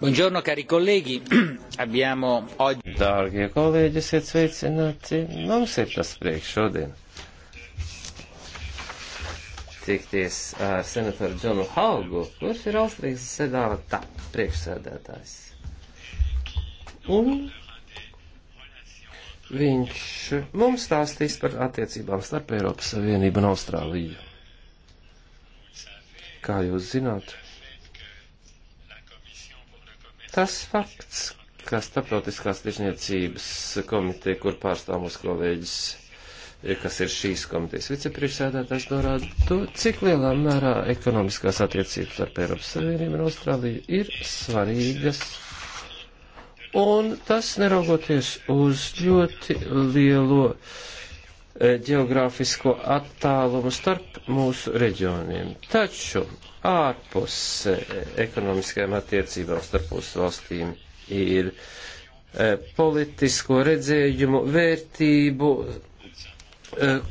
Buongiorno cari colleghi, abbiamo oggi. Dārgie kolēģi, esiet sveicināti. Mums ir tas prieks šodien. Tikties ar senatoru Džonu Haugu, kurš ir Austrijas sedāta priekšsēdētājs. Un viņš mums stāstīs par attiecībām starp Eiropas Savienību un Austrāliju. Kā jūs zināt? Tas fakts, ka Startautiskās tirzniecības komiteja, kur pārstāv mūsu kolēģis, eh, kas ir šīs komitejas vicepriekšsēdētājs, norāda to, cik lielā mērā ekonomiskās attiecības ar Eiropas Savienību un Austrāliju ir svarīgas. Un tas neraugoties uz ļoti lielo ģeogrāfisko eh, attālumu starp mūsu reģioniem. Taču ārpus e, ekonomiskajām attiecībām starp mūsu valstīm ir e, politisko redzējumu vērtību e,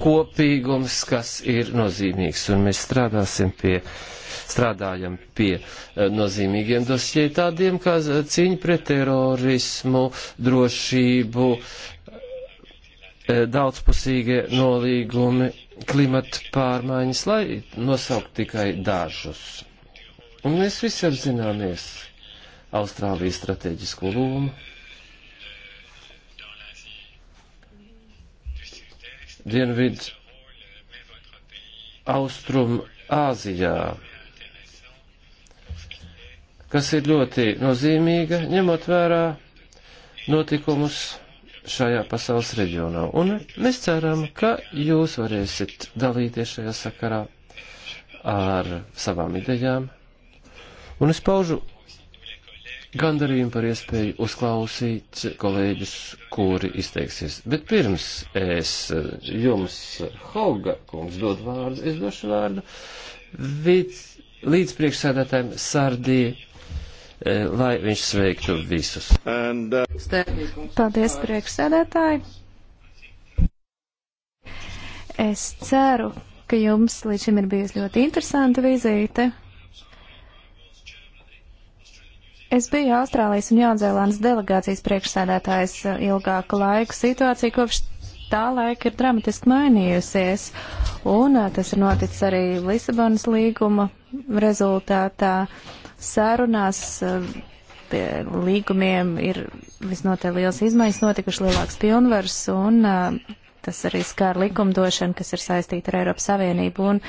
kopīgums, kas ir nozīmīgs, un mēs strādāsim pie, strādājam pie nozīmīgiem dosjē tādiem, kā cīņa pret terorismu, drošību, daudzpusīgie nolīgumi klimata pārmaiņas, lai nosaukt tikai dažus. Un mēs visi apzināmies Austrālijas strateģisko lomu. Dienvidu Austrum Āzijā, kas ir ļoti nozīmīga, ņemot vērā notikumus šajā pasaules reģionā. Un mēs ceram, ka jūs varēsiet dalīties šajā sakarā ar savām idejām. Un es paužu gandarījumu par iespēju uzklausīt kolēģus, kuri izteiksies. Bet pirms es jums, Hauga kungs, dodu vārdu, es došu vārdu vic, līdz priekšsēdētājiem Sardī Eh, lai viņš sveiktu visus. And, uh... Paldies, priekšsēdētāji! Es ceru, ka jums līdz šim ir bijusi ļoti interesanta vizīte. Es biju Austrālijas un Jaunzēlandes delegācijas priekšsēdētājs eh, ilgāku laiku. Situācija kopš tā laika ir dramatiski mainījusies, un eh, tas ir noticis arī Lisabonas līguma rezultātā. Uh, sērunās eh, pie līgumiem ir visnotaļ liels izmaiņas notikuši, lielāks pilnvars, un eh, tas arī skār likumdošanu, kas ir saistīta ar Eiropas Savienību un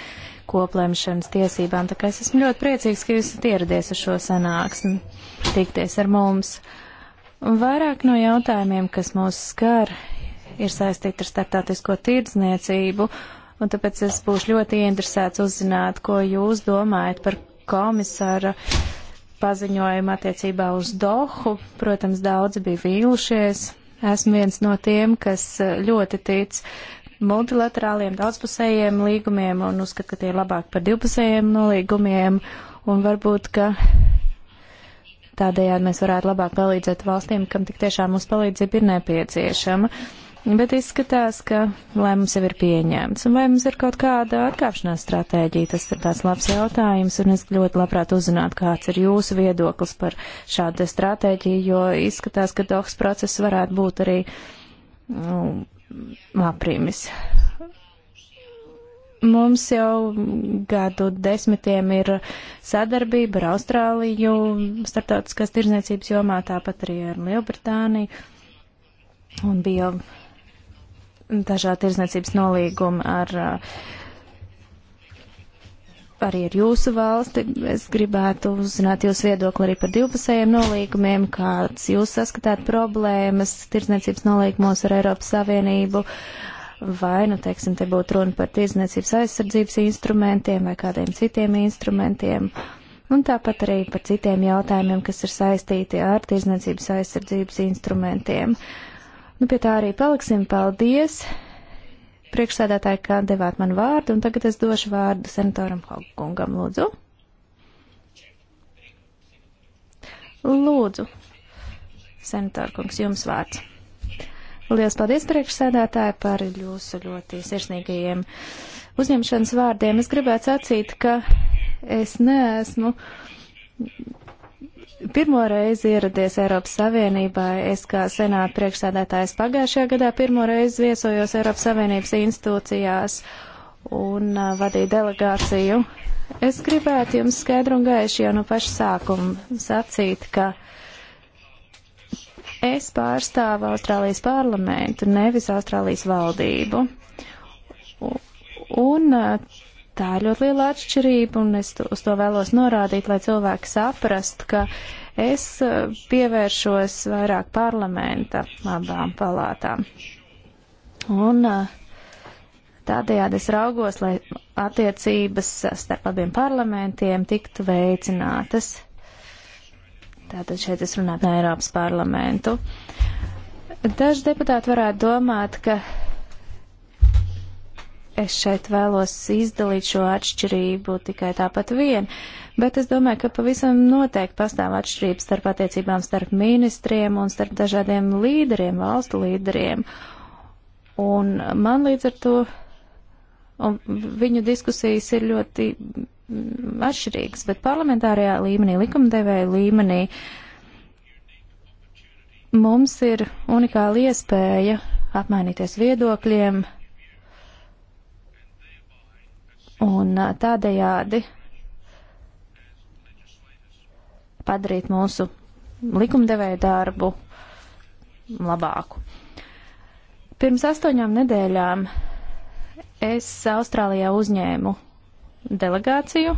koplēmšanas tiesībām. Tā kā es esmu ļoti priecīgs, ka jūs esat ieradies uz šo sanāksmi tikties ar mums. Vairāk no jautājumiem, kas mūs skar, ir saistīti ar startautisko tirdzniecību, un tāpēc es būšu ļoti interesēts uzzināt, ko jūs domājat par komisāra paziņojumu attiecībā uz Dohu. Protams, daudzi bija vīlušies. Esmu viens no tiem, kas e, ļoti tic multilaterāliem, daudzpusējiem līgumiem un uzskat, ka tie ir labāk par divpusējiem nolīgumiem. Un varbūt, ka tādējādi mēs varētu labāk palīdzēt valstīm, kam tik tiešām mūsu palīdzība ir nepieciešama. Uh, Bet izskatās, ka lēmums jau ir pieņēmts. Un vai mums ir kaut kāda atkāpšanās stratēģija, tas ir tāds labs jautājums, un es ļoti labprāt uzzinātu, kāds ir jūsu viedoklis par šādu stratēģiju, jo izskatās, ka dohs process varētu būt arī nu, mm, aprīmis. Mums jau gadu desmitiem ir sadarbība ar Austrāliju, starptautiskās tirzniecības jomā, tāpat arī ar Lielbritāniju. Un bija dažādi tirzniecības nolīgumi ar eh, arī ar jūsu valsti. Es gribētu uzzināt jūsu viedokli arī par divpusējiem nolīgumiem, kāds jūs saskatāt problēmas tirzniecības nolīgumos ar Eiropas Savienību. Vai, nu, teiksim, te būtu runa par tirzniecības aizsardzības instrumentiem vai kādiem citiem instrumentiem. Un tāpat arī par citiem jautājumiem, kas ir saistīti ar tirzniecības aizsardzības instrumentiem. Uh, Nu, pie tā arī paliksim. Paldies, priekšsēdētāji, kā devāt man vārdu, un tagad es došu vārdu senatoram Hogkungam, lūdzu. Lūdzu, senatorkungs, jums vārds. Lielas paldies priekšsēdētāji par jūsu ļoti sirsnīgajiem uzņemšanas vārdiem. Es gribētu sacīt, ka es neesmu pirmo reizi ieradies Eiropas Savienībā. Es kā senāta priekšsēdētājs pagājušajā gadā pirmo reizi viesojos Eiropas Savienības institūcijās un uh, vadīju delegāciju. Es gribētu jums skaidru un gaišu jau no paša sākuma sacīt, ka es pārstāvu Austrālijas parlamentu, nevis Austrālijas valdību. Un, un uh, tā ir ļoti liela atšķirība, un es uz to vēlos norādīt, lai cilvēki saprast, ka es eh, pievēršos vairāk parlamenta labām palātām. Un eh, tādējādi es raugos, lai attiecības starp abiem parlamentiem tiktu veicinātas. Tātad šeit es runātu par Eiropas parlamentu. Daži deputāti varētu domāt, ka es šeit vēlos izdalīt šo atšķirību tikai tāpat vien, bet es domāju, ka pavisam noteikti pastāv atšķirības starp attiecībām starp ministriem un starp dažādiem līderiem, valstu līderiem. Un man līdz ar to, un viņu diskusijas ir ļoti mm, atšķirīgas, bet parlamentārajā līmenī, likumdevēja līmenī, mums ir unikāla iespēja apmainīties viedokļiem, un tādējādi padarīt mūsu likumdevēju darbu labāku. Pirms astoņām nedēļām es Austrālijā uzņēmu delegāciju,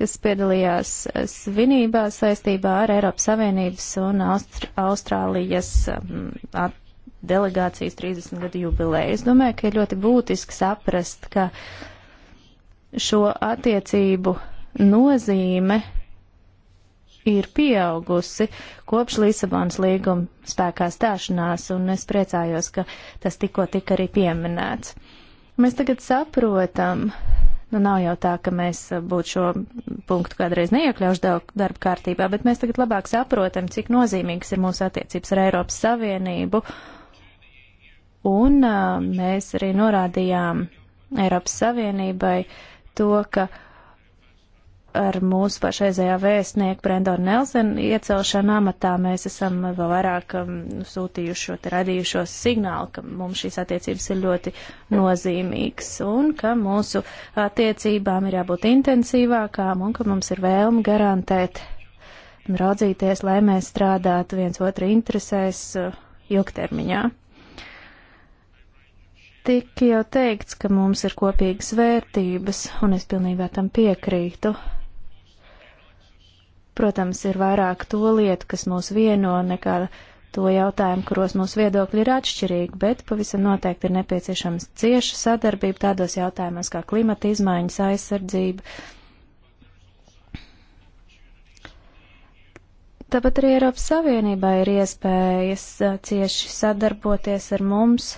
kas piedalījās svinībā saistībā ar Eiropas Savienības un Austr Austrālijas at delegācijas 30 gadu jubileja. Es domāju, ka ir ļoti būtiski saprast, ka šo attiecību nozīme ir pieaugusi kopš Lisabonas līguma spēkā stāšanās, un es priecājos, ka tas tikko tika arī pieminēts. Mēs tagad saprotam, nu nav jau tā, ka mēs būtu šo punktu kādreiz neiekļaušu darba kārtībā, bet mēs tagad labāk saprotam, cik nozīmīgas ir mūsu attiecības ar Eiropas Savienību Un mēs arī norādījām Eiropas Savienībai to, ka ar mūsu pašreizējā vēstnieku Brendonu Nelsenu iecelšanu amatā mēs esam vēl vairāk um, sūtījuši šo te radījušo signālu, ka mums šīs attiecības ir ļoti nozīmīgas un ka mūsu attiecībām ir jābūt intensīvākām un ka mums ir vēlme garantēt un raudzīties, lai mēs strādātu viens otru interesēs uh, ilgtermiņā. Tik jau teikts, ka mums ir kopīgas vērtības, un es pilnībā tam piekrītu. Protams, ir vairāk to lietu, kas mūs vieno, nekā to jautājumu, kuros mūsu viedokļi ir atšķirīgi, bet pavisam noteikti ir nepieciešams cieša sadarbība tādos jautājumos kā klimata izmaiņas, aizsardzība. Tāpat arī Eiropas Savienībā ir iespējas uh, cieši sadarboties ar mums,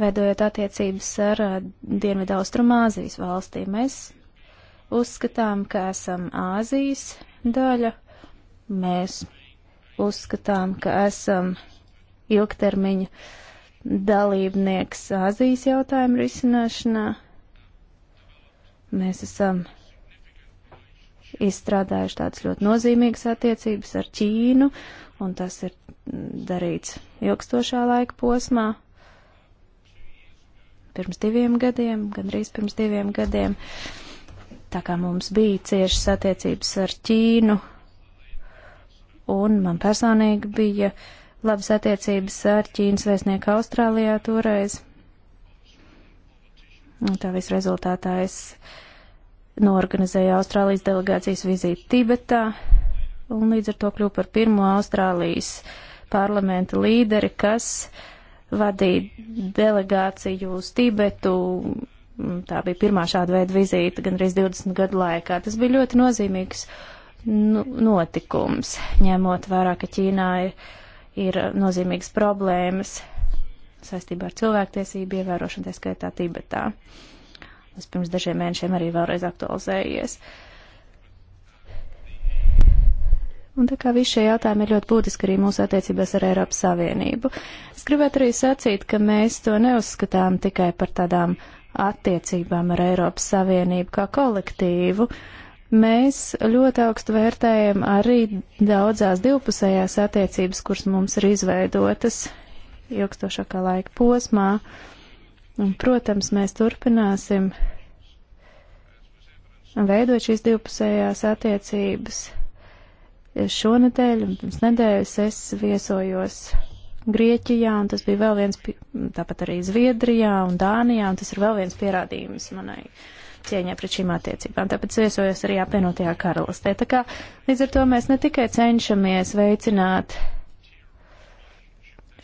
veidojot attiecības ar Dienvidu Austrumāzijas valstīm. Mēs uzskatām, ka esam Āzijas daļa, mēs uzskatām, ka esam ilgtermiņa dalībnieks Āzijas jautājumu risināšanā. Mēs esam izstrādājuši tādas ļoti nozīmīgas attiecības ar Ķīnu, un tas ir darīts ilgstošā laika posmā pirms diviem gadiem, gandrīz pirms diviem gadiem. Tā kā mums bija ciešas attiecības ar Ķīnu, un man personīgi bija labas attiecības ar Ķīnas vēstnieku Austrālijā toreiz. Un tā visu rezultātā es norganizēju Austrālijas delegācijas vizīti Tibetā, un līdz ar to kļuvu par pirmo Austrālijas parlamenta līderi, kas uh, vadīja delegāciju uz Tibetu. Mm, tā bija pirmā šāda veida vizīte gandrīz 20 gadu laikā. Tas bija ļoti nozīmīgs nu, notikums, ņemot vērā, ka Ķīnā ir, ir nozīmīgas problēmas saistībā ar cilvēktiesību ievērošanu, tā skaitā Tibetā. Tas pirms dažiem mēnešiem arī vēlreiz aktualizējies. Uh, Un tā kā visi šie jautājumi ir ļoti būtiski arī mūsu attiecībās ar Eiropas Savienību. Es gribētu arī sacīt, ka mēs to neuzskatām tikai par tādām attiecībām ar Eiropas Savienību kā kolektīvu. Mēs ļoti augstu vērtējam arī daudzās divpusējās attiecības, kuras mums ir izveidotas ilgstošākā laika posmā. Un, protams, mēs turpināsim veidot šīs divpusējās attiecības šonadēļ un pirms nedēļas es viesojos Grieķijā, un tas bija vēl viens, tāpat arī Zviedrijā un Dānijā, un tas ir vēl viens pierādījums manai cieņai pret šīm attiecībām. Tāpēc viesojos arī apvienotajā karalistē. Tā kā līdz ar to mēs ne tikai cenšamies veicināt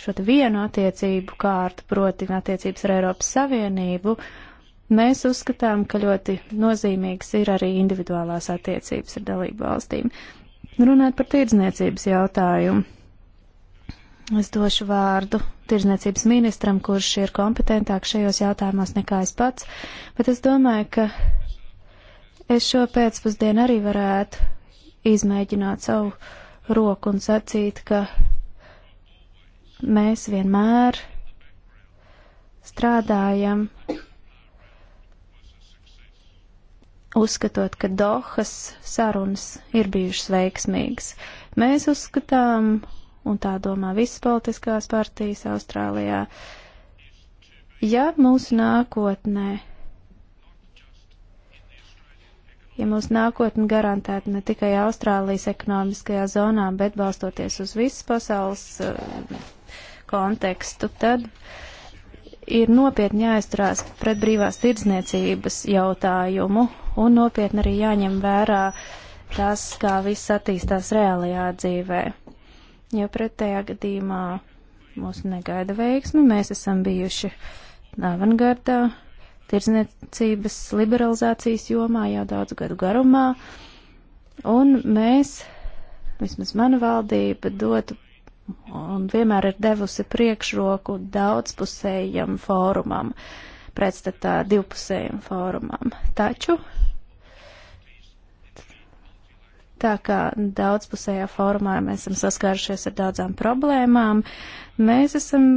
šo te vienu attiecību kārtu, proti attiecības ar Eiropas Savienību, mēs uzskatām, ka ļoti nozīmīgs ir arī individuālās attiecības ar dalību valstīm. Runājot par tirdzniecības jautājumu, es došu vārdu tirdzniecības ministram, kurš ir kompetentāk šajos jautājumos nekā es pats, bet es domāju, ka es šo pēcpusdienu arī varētu izmēģināt savu roku un sacīt, ka mēs vienmēr strādājam uzskatot, ka Dohas sarunas ir bijušas veiksmīgas. Mēs uzskatām, un tā domā visas politiskās partijas Austrālijā, ja mūsu nākotnē ja mūsu nākotne garantēta ne tikai Austrālijas ekonomiskajā zonā, bet balstoties uz visu pasaules uh, kontekstu, tad ir nopietni jāizturās pret brīvās tirdzniecības jautājumu un nopietni arī jāņem vērā tas, kā viss attīstās reālajā dzīvē. Jo pretējā gadījumā mūs negaida veiksmi, mēs esam bijuši avangardā tirdzniecības liberalizācijas jomā jau daudz gadu garumā, un mēs, vismaz mana valdība, dotu un vienmēr ir devusi priekšroku daudzpusējam fórumam, pretstatā divpusējam fórumam. Taču tā kā daudzpusējā fórumā mēs esam saskārušies ar daudzām problēmām, mēs esam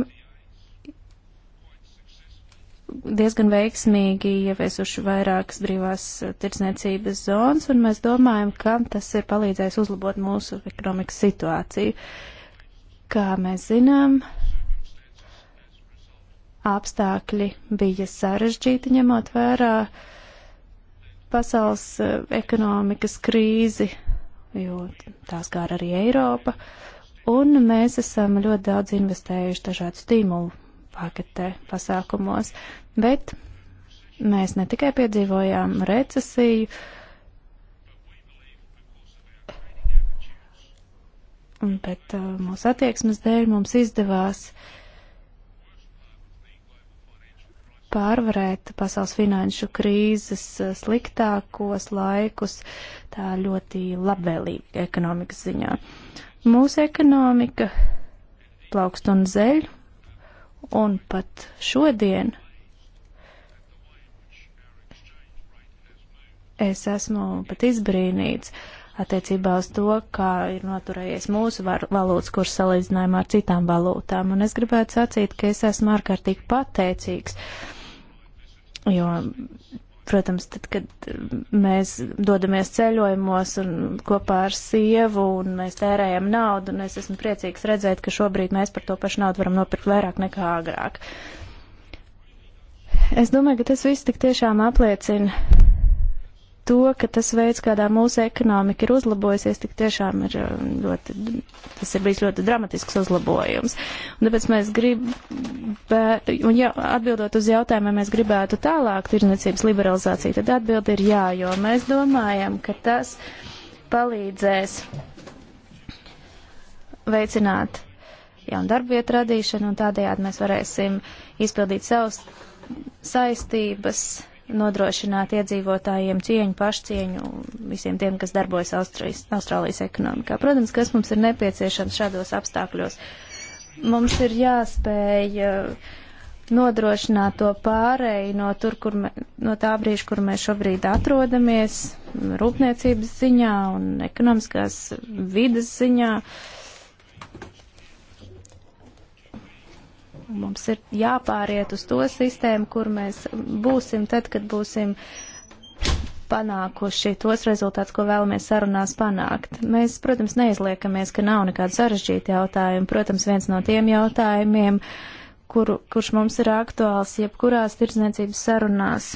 diezgan veiksmīgi ieviesuši vairākas brīvās eh, tirdzniecības zonas, un mēs domājam, ka tas ir palīdzējis uzlabot mūsu ekonomikas situāciju. Uh, Kā mēs zinām, apstākļi bija sarežģīti ņemot vērā pasaules eh, ekonomikas krīzi, jo tās kā arī Eiropa, un mēs esam ļoti daudz investējuši dažādu stimulu paketē pasākumos, bet mēs ne tikai piedzīvojām recesiju, uh, bet uh, mūsu attieksmes dēļ mums izdevās pārvarēt pasaules finanšu krīzes uh, sliktākos laikus tā ļoti labvēlīgi ekonomikas ziņā. Mūsu ekonomika plaukst un zeļ, un pat šodien es esmu pat izbrīnīts, uh, attiecībā uz to, kā ir noturējies mūsu var, valūtas kurs salīdzinājumā ar citām valūtām. Un es gribētu sacīt, ka es esmu ārkārtīgi pateicīgs, jo, protams, tad, kad mēs dodamies ceļojumos un kopā ar sievu un mēs tērējam naudu, un es esmu priecīgs redzēt, ka šobrīd mēs par to pašu naudu varam nopirkt vairāk nekā agrāk. Es domāju, ka tas viss tik tiešām apliecina to, ka tas veids, kādā mūsu ekonomika ir uzlabojusies, tik tiešām ir eh, ļoti, tas ir bijis ļoti dramatisks uzlabojums. Un tāpēc mēs gribētu, un ja atbildot uz jautājumu, vai mēs gribētu tālāk tirdzniecības liberalizāciju, tad atbildi ir jā, jo mēs domājam, ka tas palīdzēs veicināt jaunu darbvietu radīšanu, un tādējādi mēs varēsim izpildīt savus saistības nodrošināt iedzīvotājiem cieņu, pašcieņu visiem tiem, kas darbojas Austrijas, Austrālijas ekonomikā. Protams, kas mums ir nepieciešams šādos apstākļos? Mums ir jāspēj uh, nodrošināt to pārēju no, tur, kur me, no tā brīža, kur mēs šobrīd atrodamies, rūpniecības ziņā un ekonomiskās vidas ziņā. Uh, Mums ir jāpāriet uz to sistēmu, kur mēs būsim tad, kad būsim panākuši tos rezultātus, ko vēlamies sarunās panākt. Mēs, protams, neizliekamies, ka nav nekāda sarežģīta jautājuma. Protams, viens no tiem jautājumiem, kuru, kurš mums ir aktuāls jebkurās tirdzniecības sarunās,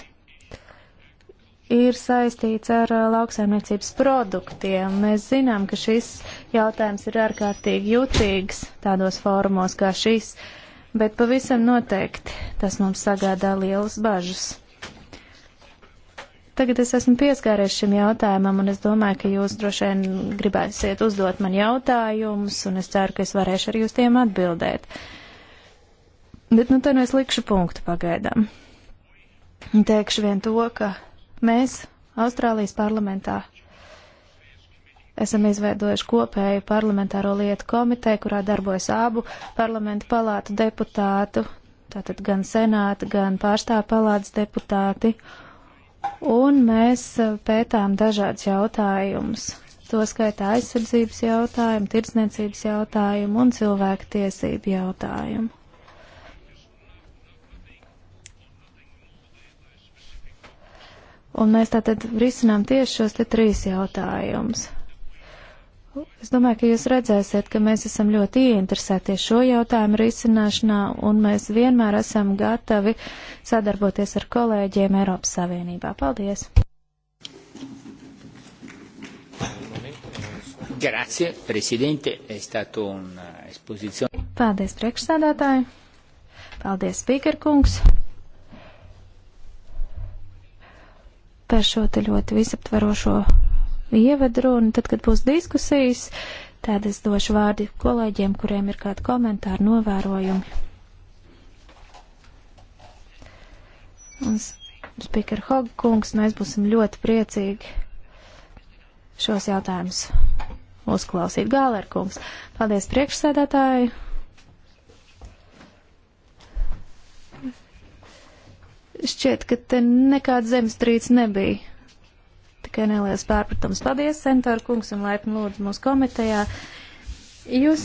ir saistīts ar lauksaimniecības produktiem. Mēs zinām, ka šis jautājums ir ārkārtīgi jutīgs tādos formos kā šis. Uh, bet pavisam noteikti tas mums sagādā lielas bažas. Tagad es esmu pieskāries šim jautājumam, un es domāju, ka jūs droši vien gribēsiet uzdot man jautājumus, un es ceru, ka es varēšu arī uz tiem atbildēt. Bet nu te nu es likšu punktu pagaidām. Teikšu vien to, ka mēs Austrālijas parlamentā esam izveidojuši kopēju parlamentāro lietu komiteju, kurā darbojas abu parlamentu palātu deputātu, tātad gan senāta, gan pārstāvu palātas deputāti. Un mēs uh, pētām dažādus jautājumus. To skaitā aizsardzības jautājumu, tirdzniecības jautājumu un cilvēku tiesību jautājumu. Un mēs tātad risinām tieši šos te trīs jautājumus. Es domāju, ka jūs redzēsiet, ka mēs esam ļoti ieinteresēti šo jautājumu risināšanā, un mēs vienmēr esam gatavi sadarboties ar kolēģiem Eiropas Savienībā. Paldies! Grazie, prezidente, è stato un'esposizione. Eh, Paldies, priekšsādātāji! Paldies, speakerkungs! Par šo te ļoti visaptvarošo ievadrunu, tad, kad būs diskusijas, tad es došu vārdi kolēģiem, kuriem ir kādi komentāri, novērojumi. Un Spiker Hog kungs, mēs būsim ļoti priecīgi šos jautājumus uzklausīt. Gālēr kungs, paldies priekšsēdētāji. Šķiet, ka te nekāds zemestrīts nebija tikai neliels pārpratums. Paldies, Sentora kungs, un laipni lūdzu mūsu komitejā. Jūs,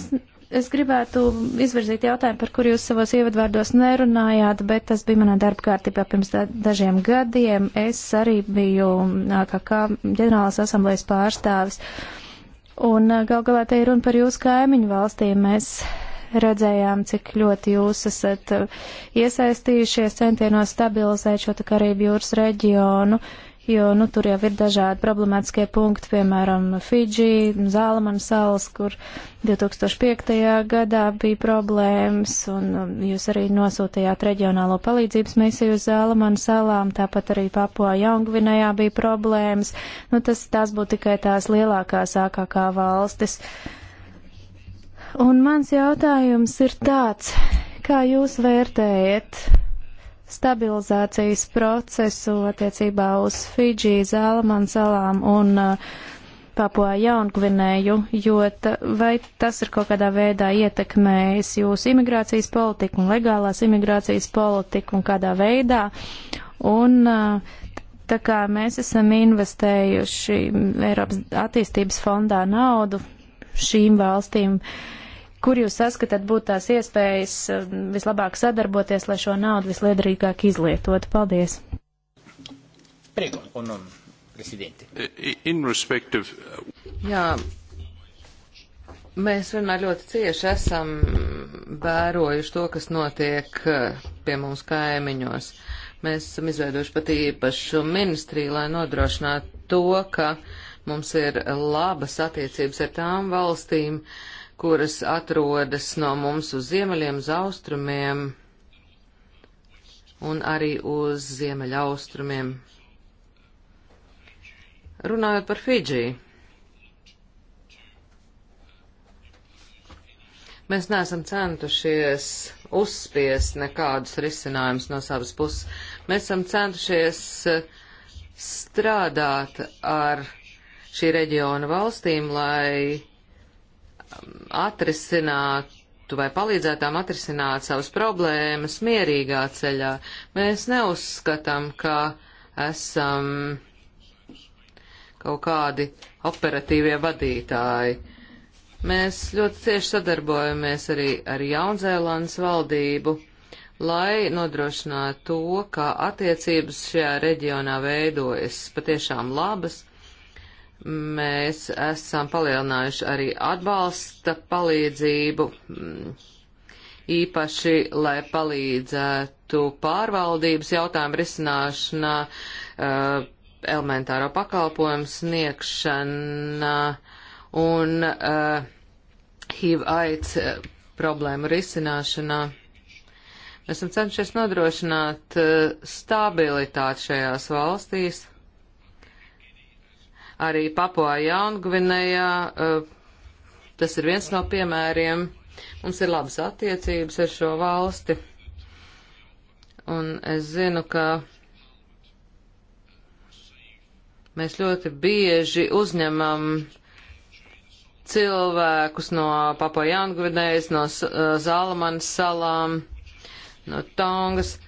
es gribētu izvirzīt jautājumu, par kuru jūs savos ievadvārdos nerunājāt, bet tas bija manā darba kārtībā pirms da dažiem gadiem. Es arī biju AKK ģenerālās asamblējas pārstāvis. Un gal galā te ir runa par jūsu kaimiņu valstīm. Mēs redzējām, cik ļoti jūs esat iesaistījušies centienos stabilizēt šo tā Karību jūras reģionu. Uh, jo nu, tur jau ir dažādi problemātiskie punkti, piemēram, Fidži, Zālamana salas, kur 2005. gadā bija problēmas, un um, jūs arī nosūtījāt reģionālo palīdzības misiju uz Zālamana salām, tāpat arī Papua Jaungvinajā bija problēmas. Nu, tas, tās būtu tikai tās lielākās AKK valstis. Un mans jautājums ir tāds, kā jūs vērtējat stabilizācijas procesu attiecībā uz Fidži, Zālamānu salām un uh, Papua Jaungvinēju, jo ta, vai tas ir kaut kādā veidā ietekmējis jūsu imigrācijas politiku un legālās imigrācijas politiku un kādā veidā. Un uh, tā kā mēs esam investējuši Eiropas attīstības fondā naudu šīm valstīm, uh, kur jūs saskatāt būt tās iespējas um, vislabāk sadarboties, lai šo naudu visliederīgāk izlietot? Paldies! Prego, un, un, In respective... Jā, mēs vienmēr ļoti cieši esam vērojuši to, kas notiek uh, pie mums kaimiņos. Mēs esam izveidojuši pat īpašu ministriju, lai nodrošinātu to, ka mums ir labas attiecības ar tām valstīm, uh, kuras atrodas no mums uz ziemeļiem, uz austrumiem un arī uz ziemeļaustrumiem. Runājot par Fidžiju, mēs neesam centušies uzspiest nekādus risinājumus no savas puses. Mēs esam centušies eh, strādāt ar šī reģiona valstīm, lai atrisinātu vai palīdzētām atrisināt savas problēmas mierīgā ceļā. Mēs neuzskatām, ka esam kaut kādi operatīvie vadītāji. Mēs ļoti cieši sadarbojamies arī ar Jaunzēlandes valdību, lai nodrošinātu to, ka attiecības šajā reģionā veidojas patiešām labas, Mēs esam palielinājuši arī atbalsta palīdzību, mm, īpaši, lai palīdzētu pārvaldības jautājumu risināšanā, uh, elementāro pakalpojumu sniegšanā un uh, HIV aids eh, problēmu risināšanā. Mēs esam cenšies nodrošināt stabilitāti šajās valstīs arī Papua Jaungvinējā. Eh, tas ir viens no piemēriem. Mums ir labas attiecības ar šo valsti. Un es zinu, ka mēs ļoti bieži uzņemam cilvēkus no Papua Jaungvinējas, no eh, Zalamanas salām, no Tongas.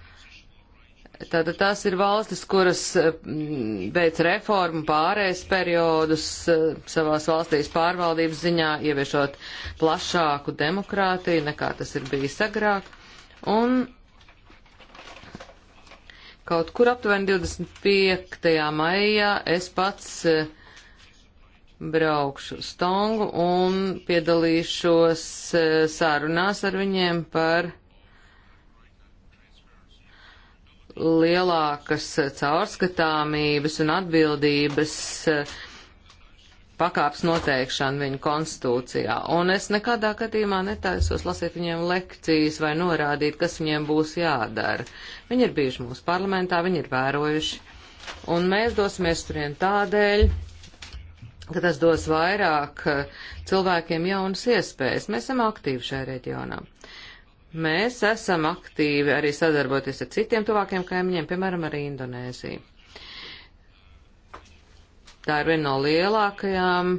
Tātad tās ir valstis, kuras veic eh, reformu pārējais periodus eh, savās valstīs pārvaldības ziņā, ieviešot plašāku demokrātiju nekā tas ir bijis agrāk. Un kaut kur aptuveni 25. maijā es pats eh, braukšu stongu un piedalīšos sārunās ar viņiem par lielākas caurskatāmības un atbildības eh, pakāps noteikšana viņu konstitūcijā. Un es nekādā gadījumā netaisos lasīt viņiem lekcijas vai norādīt, kas viņiem būs jādara. Viņi ir bijuši mūsu parlamentā, viņi ir vērojuši. Un mēs dosimies turien tādēļ, ka tas dos vairāk eh, cilvēkiem jaunas iespējas. Mēs esam aktīvi šajā reģionā. Mēs esam aktīvi arī sadarboties ar citiem tuvākiem kaimiņiem, piemēram, arī Indonēziju. Tā ir viena no lielākajām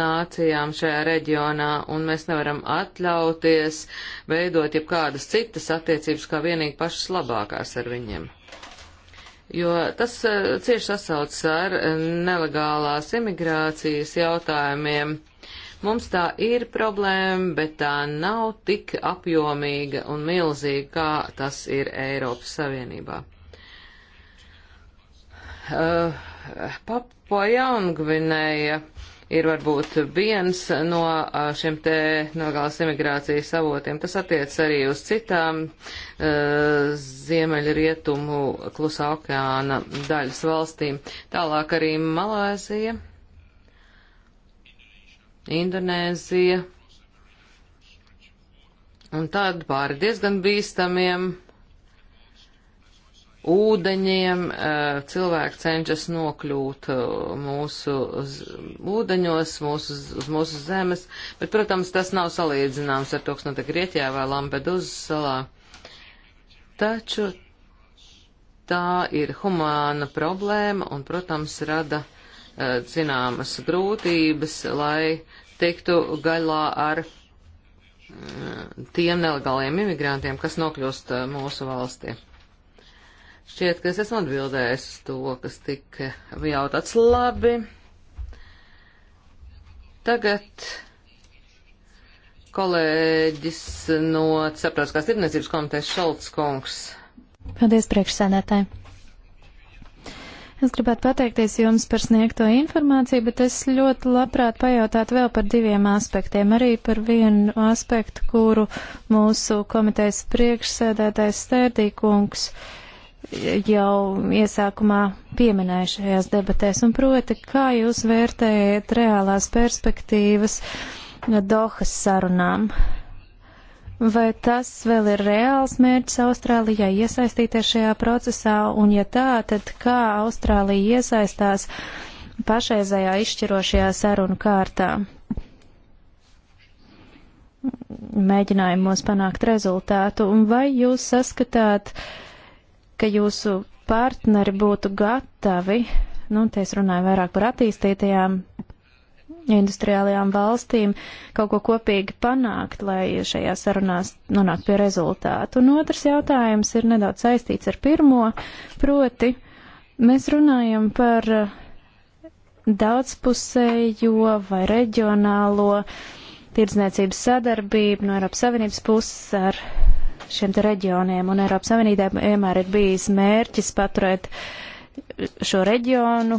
nācijām šajā reģionā, un mēs nevaram atļauties veidot jebkādas citas attiecības kā vienīgi pašas labākās ar viņiem. Jo tas eh, cieši sasaucas ar nelegālās imigrācijas jautājumiem Mums tā ir problēma, bet tā nav tik apjomīga un milzīga, kā tas ir Eiropas Savienībā. Uh, eh, Papua Jaungvinēja ir varbūt viens no eh, šiem te nogāles imigrācijas avotiem. Tas attiec arī uz citām uh, ziemeļrietumu klusā okeāna daļas valstīm. Tālāk arī Malāzija. Indonēzija. Un tad pāri diezgan bīstamiem ūdeņiem eh, cilvēki cenšas nokļūt eh, mūsu ūdeņos, mūsu, uz mūsu zemes, bet, protams, tas nav salīdzināms ar to, kas notiek Grieķijā vai Lampedūzas salā. Taču tā ir humāna problēma un, protams, rada Eh, zināmas grūtības, lai tiktu galā ar eh, tiem nelegāliem imigrantiem, kas nokļūst eh, mūsu valstī. Šķiet, ka es esmu atbildējis uz to, kas tika jautāts labi. Tagad kolēģis no Saprātiskās tirdzniecības komitejas Šalts Kungs. Paldies priekšsēdētāji. Es gribētu pateikties jums par sniegto informāciju, bet es ļoti labprāt pajautātu vēl par diviem aspektiem. Arī par vienu aspektu, kuru mūsu komitejas priekšsēdētājs Stērdīkungs jau iesākumā pieminēja šajās debatēs, un proti, kā jūs vērtējat reālās perspektīvas Dohas sarunām? Uh, Vai tas vēl ir reāls mērķis Austrālijai iesaistīties šajā procesā, un ja tā, tad kā Austrālija iesaistās pašreizējā izšķirošajā sarunu kārtā? Mēģinājumos panākt rezultātu, un vai jūs saskatāt, ka jūsu partneri būtu gatavi, nu, te es runāju vairāk par attīstītajām industriālajām valstīm kaut ko kopīgi panākt, lai šajā sarunās nonāk pie rezultātu. Un otrs jautājums ir nedaudz saistīts ar pirmo, proti mēs runājam par daudzpusējo vai reģionālo tirdzniecības sadarbību no Eiropas Savienības puses ar šiem te reģioniem, un Eiropas Savienībai vienmēr ir bijis mērķis paturēt šo reģionu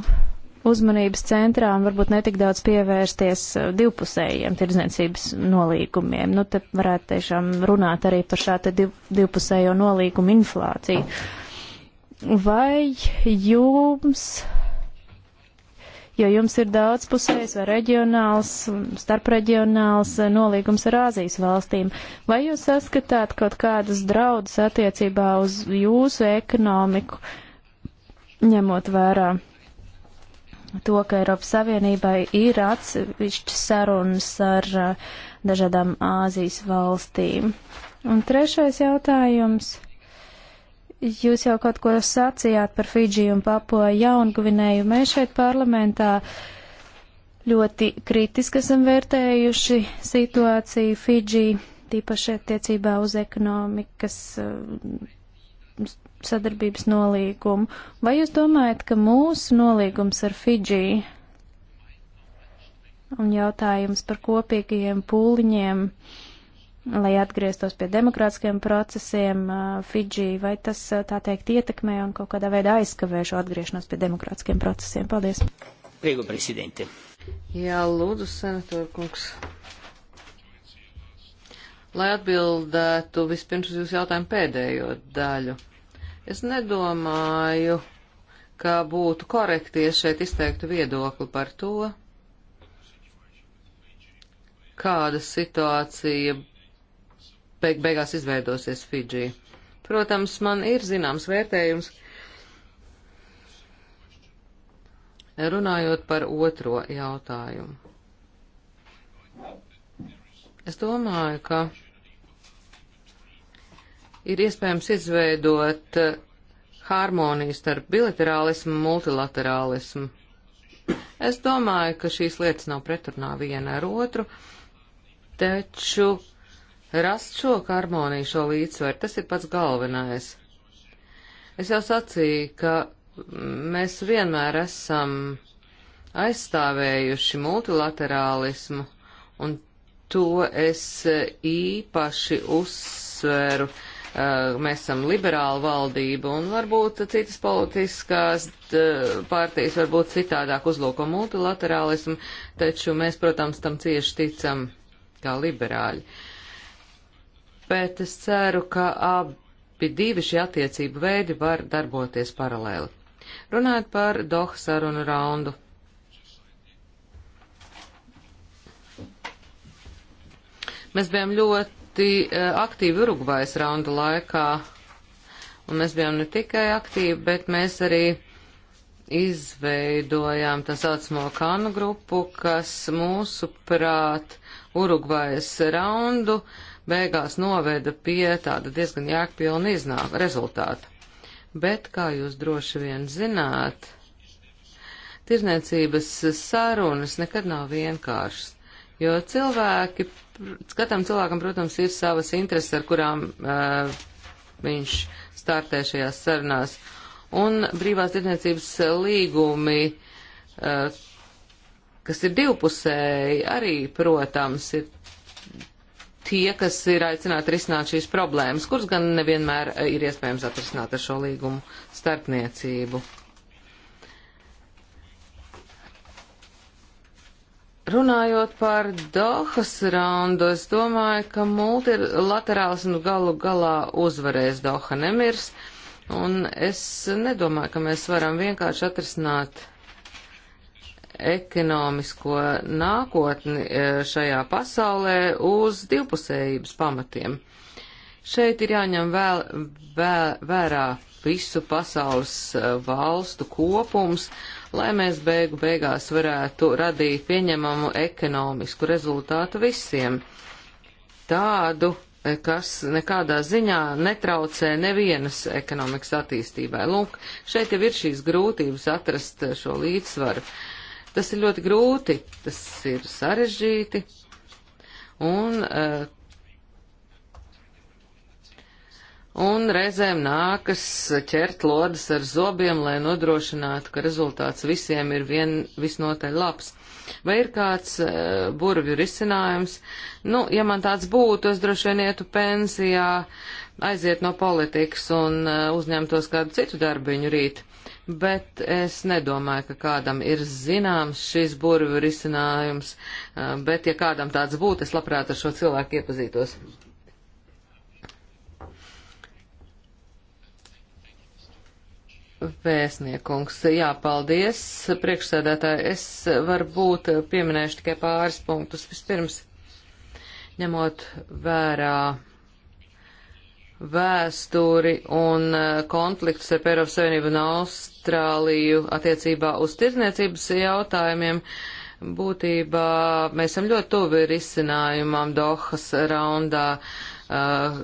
uzmanības centrā un varbūt netik daudz pievērsties uh, divpusējiem tirdzniecības nolīgumiem. Nu, te varētu tiešām runāt arī par šā te div, divpusējo nolīgumu inflāciju. Vai jums jo jums ir daudzpusējs vai reģionāls, starpreģionāls uh, nolīgums ar Āzijas valstīm. Vai jūs saskatāt kaut kādas draudus attiecībā uz jūsu ekonomiku, ņemot vērā to, ka Eiropas Savienībai ir atsevišķas sarunas ar uh, dažādām Āzijas valstīm. Un trešais jautājums. Jūs jau kaut ko sacījāt par Fidži un Papo Jaungvinēju. Mēs šeit parlamentā ļoti kritiski esam vērtējuši situāciju Fidži, tīpaši attiecībā uz ekonomikas uh, sadarbības nolīgumu. Vai jūs domājat, ka mūsu nolīgums ar Fidži un jautājums par kopīgajiem pūliņiem, lai atgrieztos pie demokrātiskiem procesiem Fidži, vai tas tā teikt ietekmē un kaut kādā veidā aizkavē šo atgriešanos pie demokrātiskiem procesiem? Paldies! Priegu, prezidente! Jā, lūdzu, senator kungs. Lai atbildētu vispirms uz jūsu jautājumu pēdējo daļu. Es nedomāju, ka būtu korekti, ja šeit izteiktu viedokli par to, kāda situācija beig beigās izveidosies Fidži. Protams, man ir zināms vērtējums. Runājot par otro jautājumu. Es domāju, ka ir iespējams izveidot eh, harmoniju starp bilaterālismu un multilaterālismu. Es domāju, ka šīs lietas nav pretrunā viena ar otru, taču rast šo harmoniju, šo līdzsvaru, tas ir pats galvenais. Es jau sacīju, ka mēs vienmēr esam aizstāvējuši multilaterālismu, un to es eh, īpaši uzsveru Eh, mēs esam liberāla valdība un varbūt citas politiskās eh, partijas varbūt citādāk uzlūko multilaterālismu, taču mēs, protams, tam cieši ticam kā liberāļi. Bet es ceru, ka abi divi šie attiecību veidi var darboties paralēli. Runājot par Doha sarunu raundu. Mēs bijām ļoti ļoti e, aktīvi Urugvajas raunda laikā, un mēs bijām ne tikai aktīvi, bet mēs arī izveidojām tā saucamo kanu grupu, kas mūsu prāt Urugvajas raundu beigās noveda pie tāda diezgan jēgpilna iznāk rezultāta. Bet, kā jūs droši vien zināt, tirzniecības sarunas nekad nav vienkāršas, jo cilvēki Katram cilvēkam, protams, ir savas intereses, ar kurām uh, viņš startē šajās sarunās. Un brīvās tirdzniecības līgumi, uh, kas ir divpusēji, arī, protams, ir tie, kas ir aicināti risināt šīs problēmas, kuras gan nevienmēr eh, ir iespējams atrisināt ar šo līgumu starpniecību. Runājot par Dohas raundu, es domāju, ka multilaterāls nu galu galā uzvarēs Doha nemirs, un es nedomāju, ka mēs varam vienkārši atrisināt ekonomisko nākotni e, šajā pasaulē uz divpusējības pamatiem. Šeit ir jāņem vēl, vēl, vērā visu pasaules e, valstu kopums lai mēs beigu beigās varētu radīt pieņemamu ekonomisku rezultātu visiem. Tādu, eh, kas nekādā ziņā netraucē nevienas ekonomikas attīstībai. Lūk, šeit jau ir šīs grūtības atrast šo līdzsvaru. Tas ir ļoti grūti, tas ir sarežģīti, un eh, un reizēm nākas ķert lodas ar zobiem, lai nodrošinātu, ka rezultāts visiem ir vien visnotaļ labs. Vai ir kāds uh, burvju risinājums? Nu, ja man tāds būtu, es droši vien ietu pensijā, aiziet no politikas un uh, uzņemtos kādu citu darbiņu rīt. Bet es nedomāju, ka kādam ir zināms šis burvju risinājums, uh, bet ja kādam tāds būtu, es labprāt ar šo cilvēku iepazītos. Pēsniekungs, jā, paldies. Priekšsēdētāji, es varbūt pieminēšu tikai pāris punktus. Vispirms, ņemot vērā vēsturi un e, konfliktus ar Eiropas Savienību un Austrāliju attiecībā uz tirdzniecības jautājumiem, būtībā mēs esam ļoti tuvi risinājumam Dohas raundā. Uh,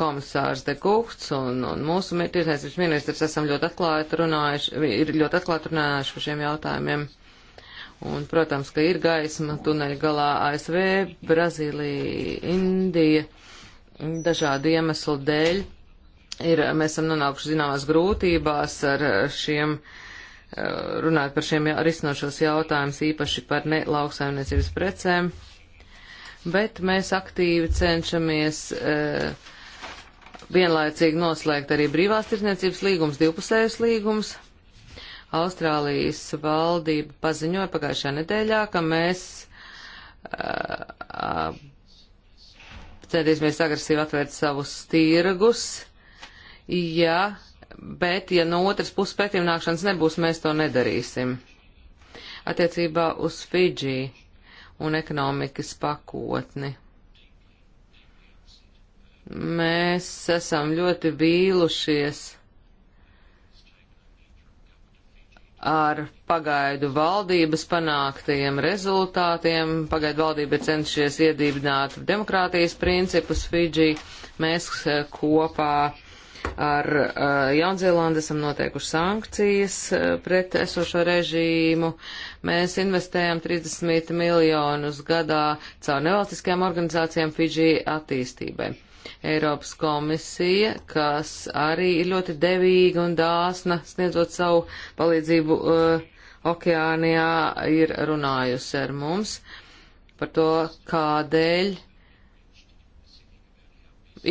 komisārs De Guhts un, un mūsu tirsniecības ministrs esam ļoti atklāti runājuši, ir ļoti atklāti runājuši par šiem jautājumiem. Un, protams, ka ir gaisma tuneļa galā ASV, Brazīlija, Indija, dažādu iemeslu dēļ. Ir, mēs esam nonākuši zināmās grūtībās ar šiem, eh, runājot par šiem risinošos jautājumus, īpaši par ne lauksaimniecības precēm, bet mēs aktīvi cenšamies uh, vienlaicīgi noslēgt arī brīvās tirsniecības līgums, divpusējs līgums. Austrālijas valdība paziņoja pagājušajā nedēļā, ka mēs uh, uh, centīsimies agresīvi atvērt savus tirgus, ja, bet ja no otras puses pētījuma nākšanas nebūs, mēs to nedarīsim. Attiecībā uz Fidži un ekonomikas pakotni. Mēs esam ļoti vīlušies ar pagaidu valdības panāktajiem rezultātiem. Pagaidu valdība ir cenšies iedibināt demokrātijas principus Fidži. Mēs eh, kopā ar uh, eh, Jaunzēlandi esam noteikuši sankcijas uh, pret esošo režīmu. Mēs investējam 30 miljonus gadā caur nevalstiskajām organizācijām Fidži attīstībai. Eiropas komisija, kas arī ir ļoti devīga un dāsna, sniedzot savu palīdzību uh, okeānijā, ir runājusi ar mums par to, kādēļ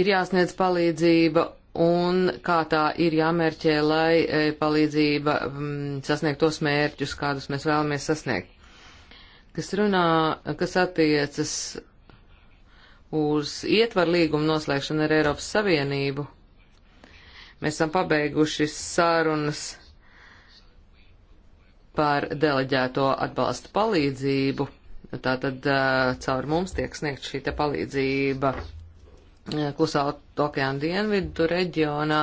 ir jāsniedz palīdzība un kā tā ir jāmērķē, lai eh, palīdzība mm, sasniegt tos mērķus, kādus mēs vēlamies sasniegt. Kas runā, kas attiecas uz ietvaru līgumu noslēgšanu ar Eiropas Savienību. Mēs esam pabeiguši sarunas par deleģēto atbalstu palīdzību. Tātad caur mums tiek sniegt šī te palīdzība klusā okeāna dienvidu reģionā,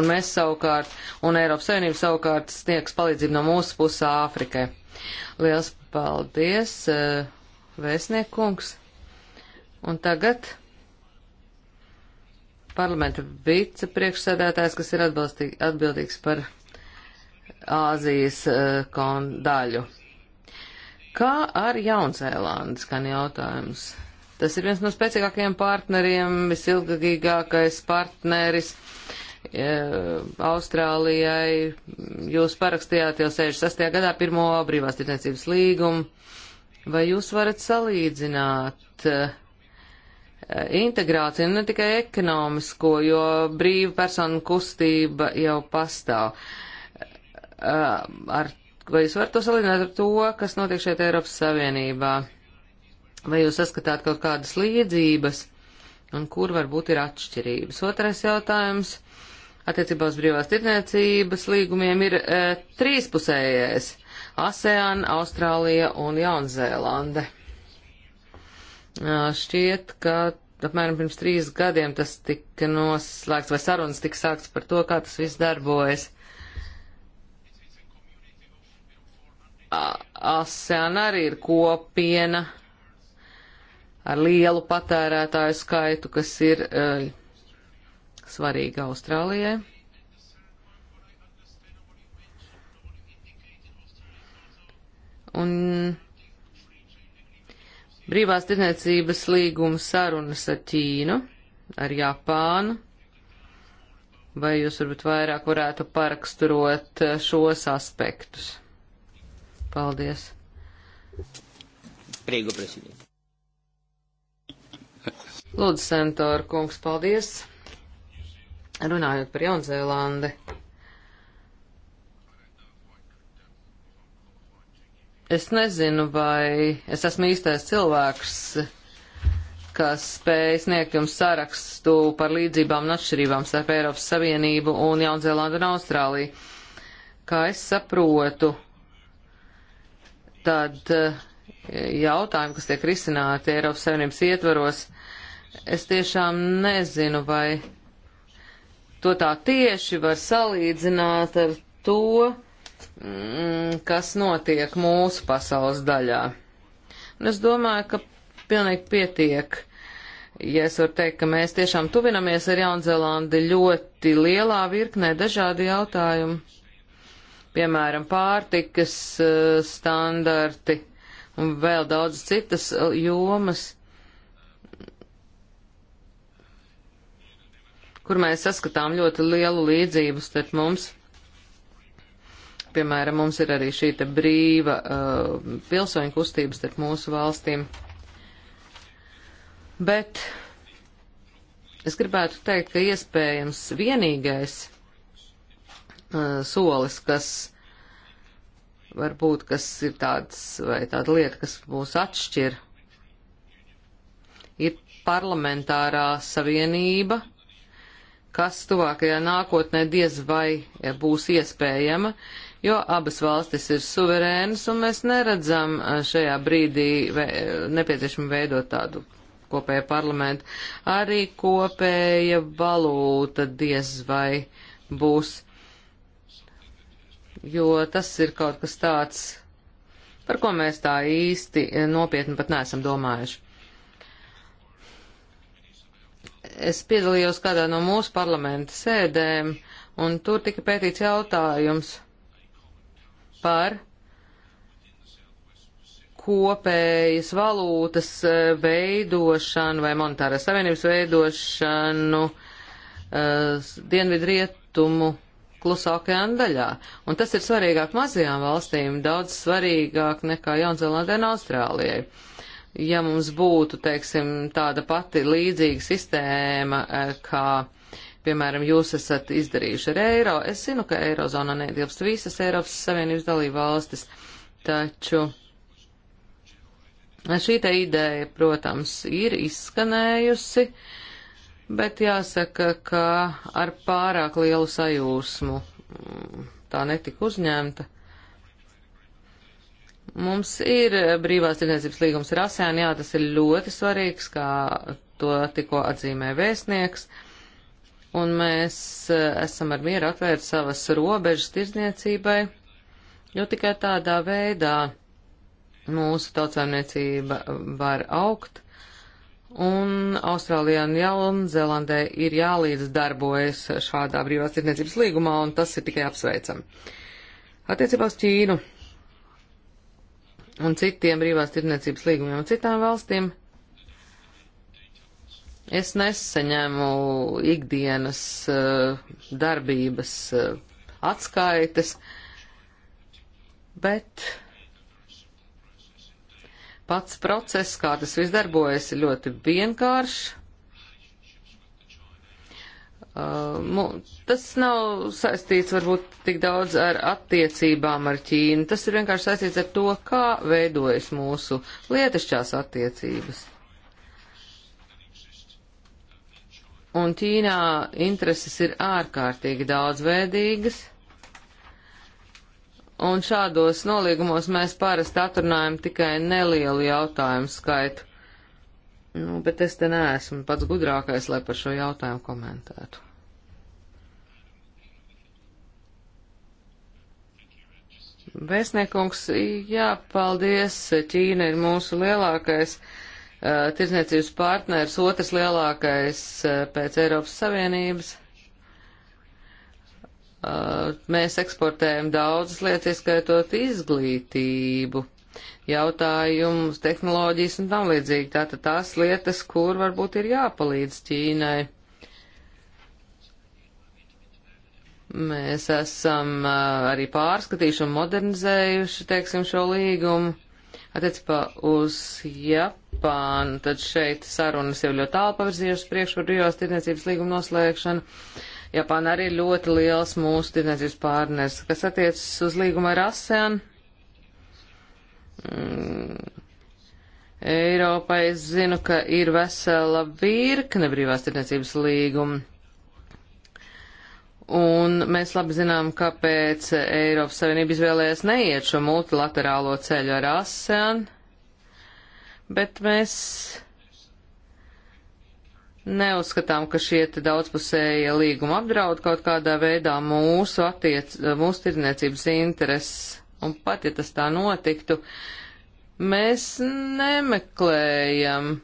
un mēs savukārt, un Eiropas Savienība savukārt sniegs palīdzību no mūsu puses Āfrikai. Liels paldies, vēstniekungs! Un tagad parlamenta vicepriekšsēdētājs, kas ir atbildīgs par Āzijas uh, daļu. Kā ar Jaunzēlandes skan jautājums? Tas ir viens no spēcīgākajiem partneriem, visilgagīgākais partneris. Uh, Austrālijai jūs parakstījāt jau 66. gadā pirmo brīvās tirdzniecības līgumu. Vai jūs varat salīdzināt uh, integrāciju, ne tikai ekonomisko, jo brīva persona kustība jau pastāv. Uh, ar, vai jūs varat to salīdzināt ar to, kas notiek šeit Eiropas Savienībā? Vai jūs saskatāt kaut kādas līdzības un kur varbūt ir atšķirības? Otrais jautājums attiecībā uz brīvās tirdzniecības līgumiem ir e, trīspusējais - ASEAN, Austrālija un Jaunzēlande. Šķiet, ka apmēram pirms trīs gadiem tas tika noslēgts, vai sarunas tika sākts par to, kā tas viss darbojas. ASEAN arī ir kopiena ar lielu patērētāju skaitu, kas ir uh, svarīga Austrālijai. Un Brīvās tirniecības līguma sarunas ar Ķīnu, ar Japānu. Vai jūs varbūt vairāk varētu paraksturot eh, šos aspektus? Paldies. Priegu prezident. Lūdzu, Sentora kungs, paldies. Runājot par Jaunzēlandi. Es nezinu, vai es esmu īstais cilvēks, kas spēj sniegt jums sarakstu par līdzībām un atšķirībām starp Eiropas Savienību un Jaunzēlandu un Austrāliju. Kā es saprotu, tad eh, jautājumi, kas tiek risināti Eiropas Savienības ietvaros, es tiešām nezinu, vai to tā tieši var salīdzināt ar to, Mm, kas notiek mūsu pasaules daļā. Un es domāju, ka pilnīgi pietiek, ja es varu teikt, ka mēs tiešām tuvinamies ar Jaunzēlandi ļoti lielā virknē dažādi jautājumi, piemēram, pārtikas eh, standarti un vēl daudz citas eh, jomas. kur mēs saskatām ļoti lielu līdzību starp mums. Piemēram, mums ir arī šī brīva uh, pilsoņu kustības starp mūsu valstīm. Bet es gribētu teikt, ka iespējams vienīgais uh, solis, kas varbūt kas ir tāds vai tāda lieta, kas mūs atšķir, ir parlamentārā savienība, kas tuvākajā nākotnē diez vai būs iespējama, uh, jo abas valstis ir suverēnas, un mēs neredzam eh, šajā brīdī vē, eh, nepieciešami veidot tādu kopēju parlamentu. Arī kopēja valūta diez vai būs, jo tas ir kaut kas tāds, par ko mēs tā īsti eh, nopietni pat neesam domājuši. Es piedalījos kādā no mūsu parlamenta sēdēm, un tur tika pētīts jautājums – par kopējas valūtas eh, veidošanu vai monetāras savienības veidošanu uh, dienvidrietumu klusā okeāna daļā. Un tas ir svarīgāk mazajām valstīm, daudz svarīgāk nekā Jaunzēlandē un Austrālijai. Ja mums būtu, teiksim, tāda pati līdzīga sistēma, eh, kā uh, piemēram, jūs esat izdarījuši ar eiro. Es zinu, ka eirozona neietilpst visas Eiropas Savienības dalība valstis, taču šī te ideja, protams, ir izskanējusi, bet jāsaka, ka ar pārāk lielu sajūsmu mm, tā netika uzņemta. Mums ir brīvās tirdzniecības līgums ar ASEAN, jā, tas ir ļoti svarīgs, kā to tikko atzīmē vēstnieks. Uh, un mēs eh, esam ar mieru atvērt savas robežas tirzniecībai, jo tikai tādā veidā mūsu tautsēmniecība eh, var augt, un Austrālijā un Jaunzēlandē ir jālīdz darbojas šādā brīvās tirzniecības līgumā, un tas ir tikai apsveicam. Attiecībā uz Ķīnu un citiem brīvās tirzniecības līgumiem un citām valstīm Es nesaņemu ikdienas uh, darbības uh, atskaites, bet pats process, kā tas viss darbojas, ir ļoti vienkāršs. Uh, tas nav saistīts varbūt tik daudz ar attiecībām ar Ķīnu. Tas ir vienkārši saistīts ar to, kā veidojas mūsu lietišķās attiecības. Un Ķīnā intereses ir ārkārtīgi daudzveidīgas. Un šādos nolīgumos mēs parasti atrunājam tikai nelielu jautājumu skaitu. Nu, bet es te neesmu pats gudrākais, lai par šo jautājumu komentētu. Vēstniekungs, jā, paldies. Ķīna ir mūsu lielākais Eh, tirzniecības partners, otrs lielākais eh, pēc Eiropas Savienības. Eh, mēs eksportējam daudzas lietas, ieskaitot izglītību, jautājumus, tehnoloģijas un tam līdzīgi. Tātad tās lietas, kur varbūt ir jāpalīdz Ķīnai. Mēs esam arī pārskatījuši un modernizējuši, teiksim, šo līgumu Attiecībā uz Japānu, tad šeit sarunas jau ļoti tālu pavirzījušas priekšu par brīvās tirdzniecības līgumu noslēgšanu. Japāna arī ļoti liels mūsu tirdzniecības pārnes, kas attiecas uz līgumu ar ASEAN. Mm. Eiropā es zinu, ka ir vesela virkne brīvās tirdzniecības līguma. Un mēs labi zinām, kāpēc Eiropas Savienība izvēlējās neiet šo multilaterālo ceļu ar ASEAN, bet mēs neuzskatām, ka šie daudzpusējie līgumi apdraud kaut kādā veidā mūsu, attiec, mūsu tirdzniecības intereses. Un pat, ja tas tā notiktu, mēs nemeklējam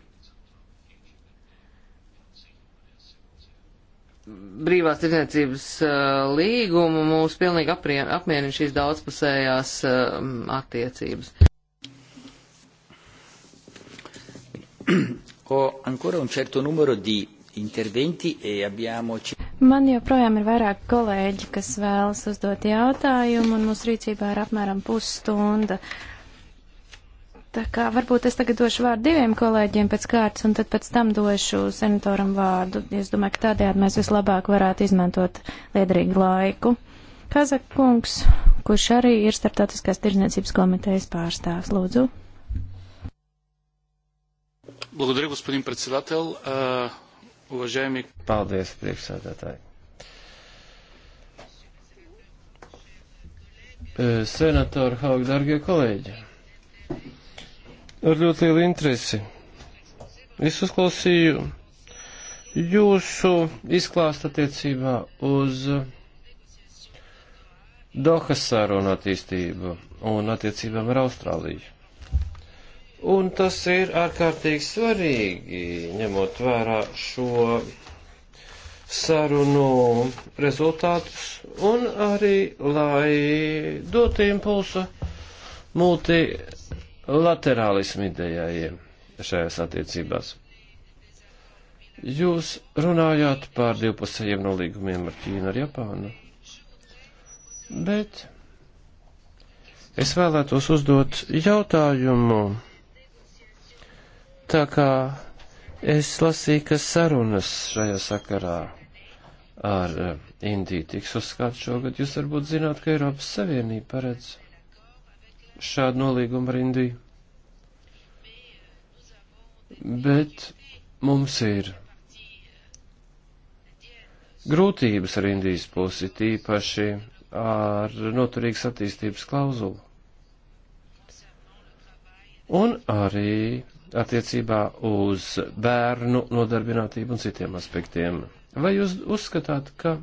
brīvās tirdzniecības uh, līgumu mūs pilnīgi apmierina šīs daudzpusējās um, attiecības. Ho ancora un certo numero di interventi e abbiamo. Man joprojām ir vairāk kolēģi, kas vēlas uzdot jautājumu, un mūsu rīcībā ir apmēram pusstunda. Uh, Tā kā varbūt es tagad došu vārdu diviem kolēģiem pēc kārtas, un tad pēc tam došu senatoram vārdu. Es domāju, ka tādējādi mēs vislabāk varētu izmantot liederīgu laiku. Kazakungs, kurš arī ir starptautiskās tirdzniecības komitejas pārstāvs, lūdzu. Благодаря, господин председател. Уважаеми... Paldies, priekšsēdētāji. Senator Haug, darbie kolēģi ar ļoti lielu interesi. Es uzklausīju jūsu izklāstu attiecībā uz Dohas sarunu attīstību un attiecībām ar Austrāliju. Un tas ir ārkārtīgi svarīgi, ņemot vērā šo sarunu rezultātus un arī, lai dotu impulsu multi laterālismu idejai šajās attiecībās. Jūs runājāt par divpusējiem nolīgumiem ar Ķīnu, ar Japānu, bet es vēlētos uzdot jautājumu, tā kā es lasīju, ka sarunas šajā sakarā ar Indiju tiks uzskatīt šogad, jūs varbūt zināt, ka Eiropas Savienība paredz šādu nolīgumu ar Indiju. Bet mums ir grūtības ar Indijas pusi, tīpaši ar noturīgas attīstības klauzulu. Un arī attiecībā uz bērnu nodarbinātību un citiem aspektiem. Vai jūs uzskatāt, ka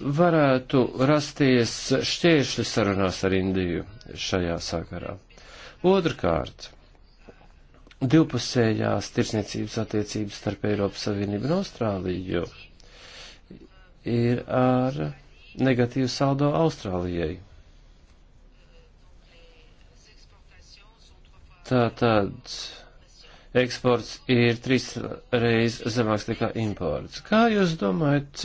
varētu rasties šķēršļi sarunās ar Indiju šajā sakarā. Otrkārt, divpusējās tirsniecības attiecības starp Eiropas Savienību un Austrāliju ir ar negatīvu saldo Austrālijai. Tātad eksports ir trīs reizes zemāks nekā imports. Kā jūs domājat,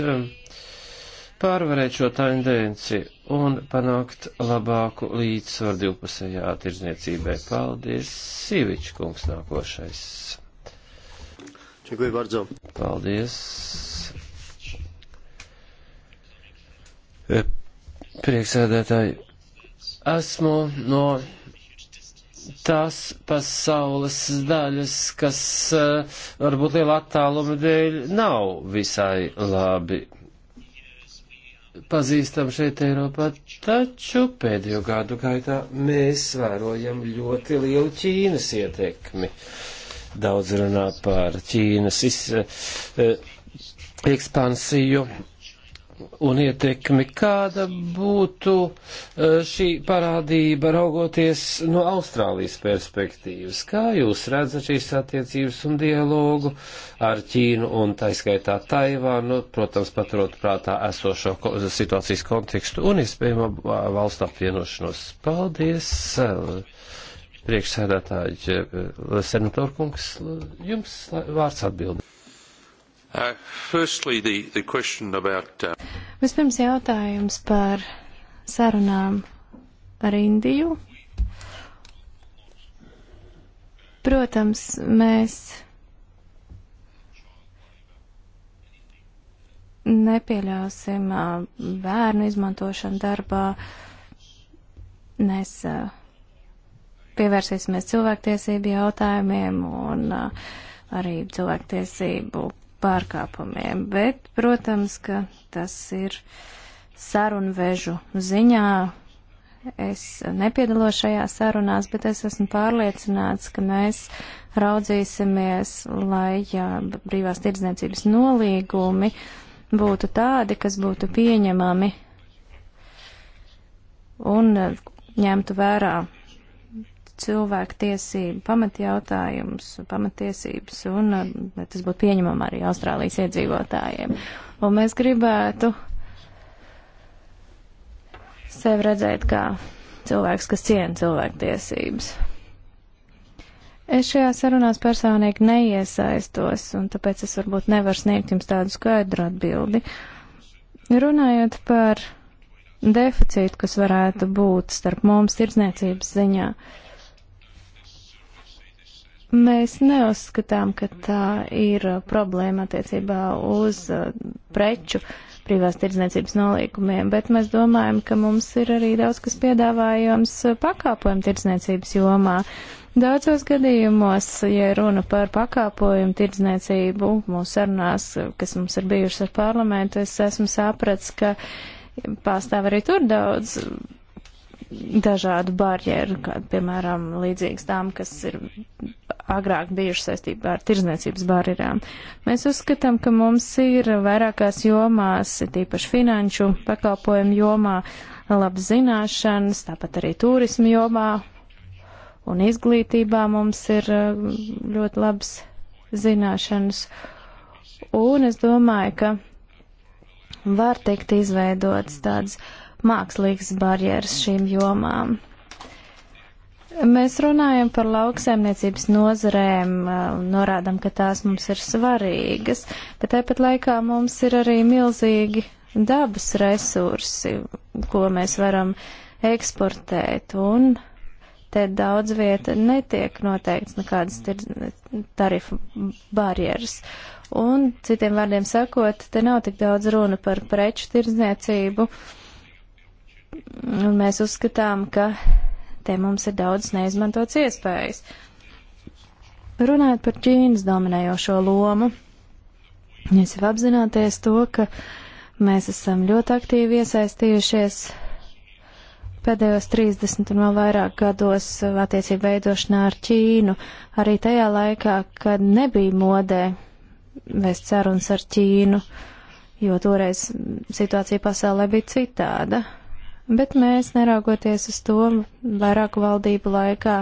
pārvarēt šo tendenci un panākt labāku līdzsvaru divpusējā tirdzniecībai. Paldies, Sīvičs kungs nākošais. Čekuji bardzo. Paldies. Eh, Prieksēdētāji, esmu no tās pasaules daļas, kas eh, varbūt liela attāluma dēļ nav visai labi pazīstam šeit Eiropā, taču pēdējo gadu gaitā mēs vērojam ļoti lielu Ķīnas ietekmi. Daudz runā par Ķīnas iz, eh, ekspansiju un ietekmi, kāda būtu e, šī parādība raugoties no Austrālijas perspektīvas? Kā jūs redzat šīs attiecības un dialogu ar Ķīnu un taiskaitā Taivānu, protams, paturot prātā esošo situācijas kontekstu un iespējamo valstu apvienošanos? Paldies! E, priekšsēdētāji, e, senatorkungs, jums vārds atbildi. Uh, firstly, the, the question about. Uh... Vispirms jautājums par sarunām ar Indiju. Protams, mēs nepieļausim uh, bērnu izmantošanu darbā. Mēs uh, pievērsīsimies cilvēktiesību jautājumiem un uh, arī cilvēktiesību pārkāpumiem, bet, protams, ka tas ir sarunvežu ziņā. Es nepiedalos šajā sarunās, bet es esmu pārliecināts, ka mēs raudzīsimies, lai jā, brīvās tirdzniecības nolīgumi būtu tādi, kas būtu pieņemami un ņemtu vērā cilvēktiesību pamatjautājums, pamatiesības, un eh, tas būtu pieņemam arī Austrālijas iedzīvotājiem. Un mēs gribētu sevi redzēt kā cilvēks, kas ciena cilvēktiesības. Es šajā sarunās personīgi neiesaistos, un tāpēc es varbūt nevaru sniegt jums tādu skaidru atbildi. Runājot par deficītu, kas varētu būt starp mums tirdzniecības ziņā, uh, Mēs neuzskatām, ka tā ir problēma attiecībā uz uh, preču privās tirdzniecības nolīkumiem, bet mēs domājam, ka mums ir arī daudz kas piedāvājams uh, pakāpojumu tirdzniecības jomā. Daudzos gadījumos, ja runa par pakāpojumu tirdzniecību mūsu sarunās, uh, kas mums ir bijušas ar parlamentu, es esmu sapratis, ka pastāv arī tur daudz dažādu barjeru, kā, piemēram, līdzīgas tām, kas ir agrāk bijušas saistībā ar tirzniecības barjerām. Mēs uzskatām, ka mums ir vairākās jomās, tīpaši finanšu pakalpojumu jomā, labas zināšanas, tāpat arī turismu jomā un izglītībā mums ir uh, ļoti labas zināšanas. Un es domāju, ka var tikt izveidots tāds uh, mākslīgas barjeras šīm jomām. Mēs runājam par lauksaimniecības nozarēm, norādam, ka tās mums ir svarīgas, bet tāpat laikā mums ir arī milzīgi dabas resursi, ko mēs varam eksportēt, un te daudz vieta netiek noteikts nekādas tarifu barjeras. Un citiem vārdiem sakot, te nav tik daudz runa par preču tirdzniecību. Uh, Un mēs uzskatām, ka te mums ir daudz neizmantots iespējas. Runājot par Ķīnas dominējošo lomu, es jau apzināties to, ka mēs esam ļoti aktīvi iesaistījušies pēdējos 30 un vēl vairāk gados attiecību veidošanā ar Ķīnu, arī tajā laikā, kad nebija modē vēst sarunas ar Ķīnu, jo toreiz situācija pasaulē bija citāda bet mēs, neraugoties uz to, vairāku valdību laikā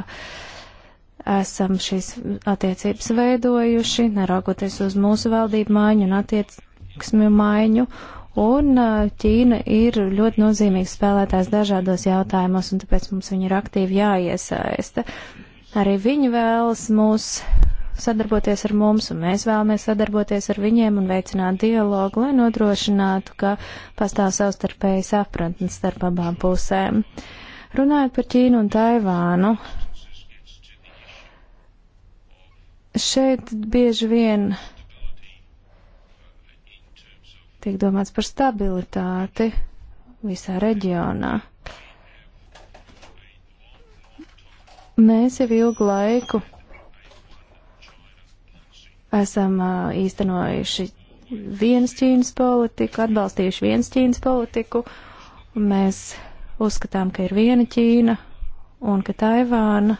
esam šīs attiecības veidojuši, neraugoties uz mūsu valdību maiņu un attieksmi maiņu. Un Ķīna ir ļoti nozīmīgs spēlētājs dažādos jautājumos, un tāpēc mums viņi ir aktīvi jāiesaista. Arī viņi vēlas mūs sadarboties ar mums, un mēs vēlamies sadarboties ar viņiem un veicināt dialogu, lai nodrošinātu, ka pastāv savstarpēji sapratni starp abām pusēm. Runājot par Ķīnu un Taivānu, šeit bieži vien tiek domāts par stabilitāti visā reģionā. Mēs jau ilgu laiku esam īstenojuši vienas Ķīnas politiku, atbalstījuši vienas Ķīnas politiku. Mēs uzskatām, ka ir viena Ķīna un ka Taivāna.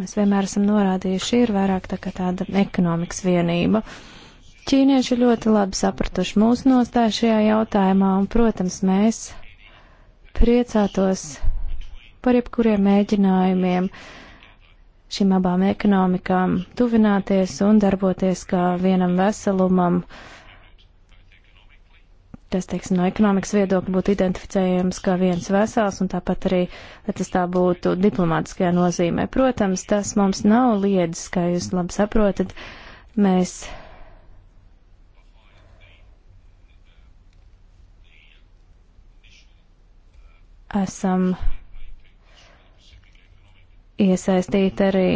Mēs vienmēr esam norādījuši, ir vairāk tā kā tāda ekonomikas vienība. Ķīnieši ļoti labi sapratuši mūsu nostāju šajā jautājumā, un, protams, mēs priecātos par jebkuriem mēģinājumiem uh, šīm abām ekonomikām tuvināties un darboties kā vienam veselumam. Tas, teiksim, no ekonomikas viedokļa būtu identificējams kā viens vesels, un tāpat arī, lai tas tā būtu diplomātiskajā nozīmē. Protams, tas mums nav liedzis, kā jūs labi saprotat. Mēs esam iesaistīt arī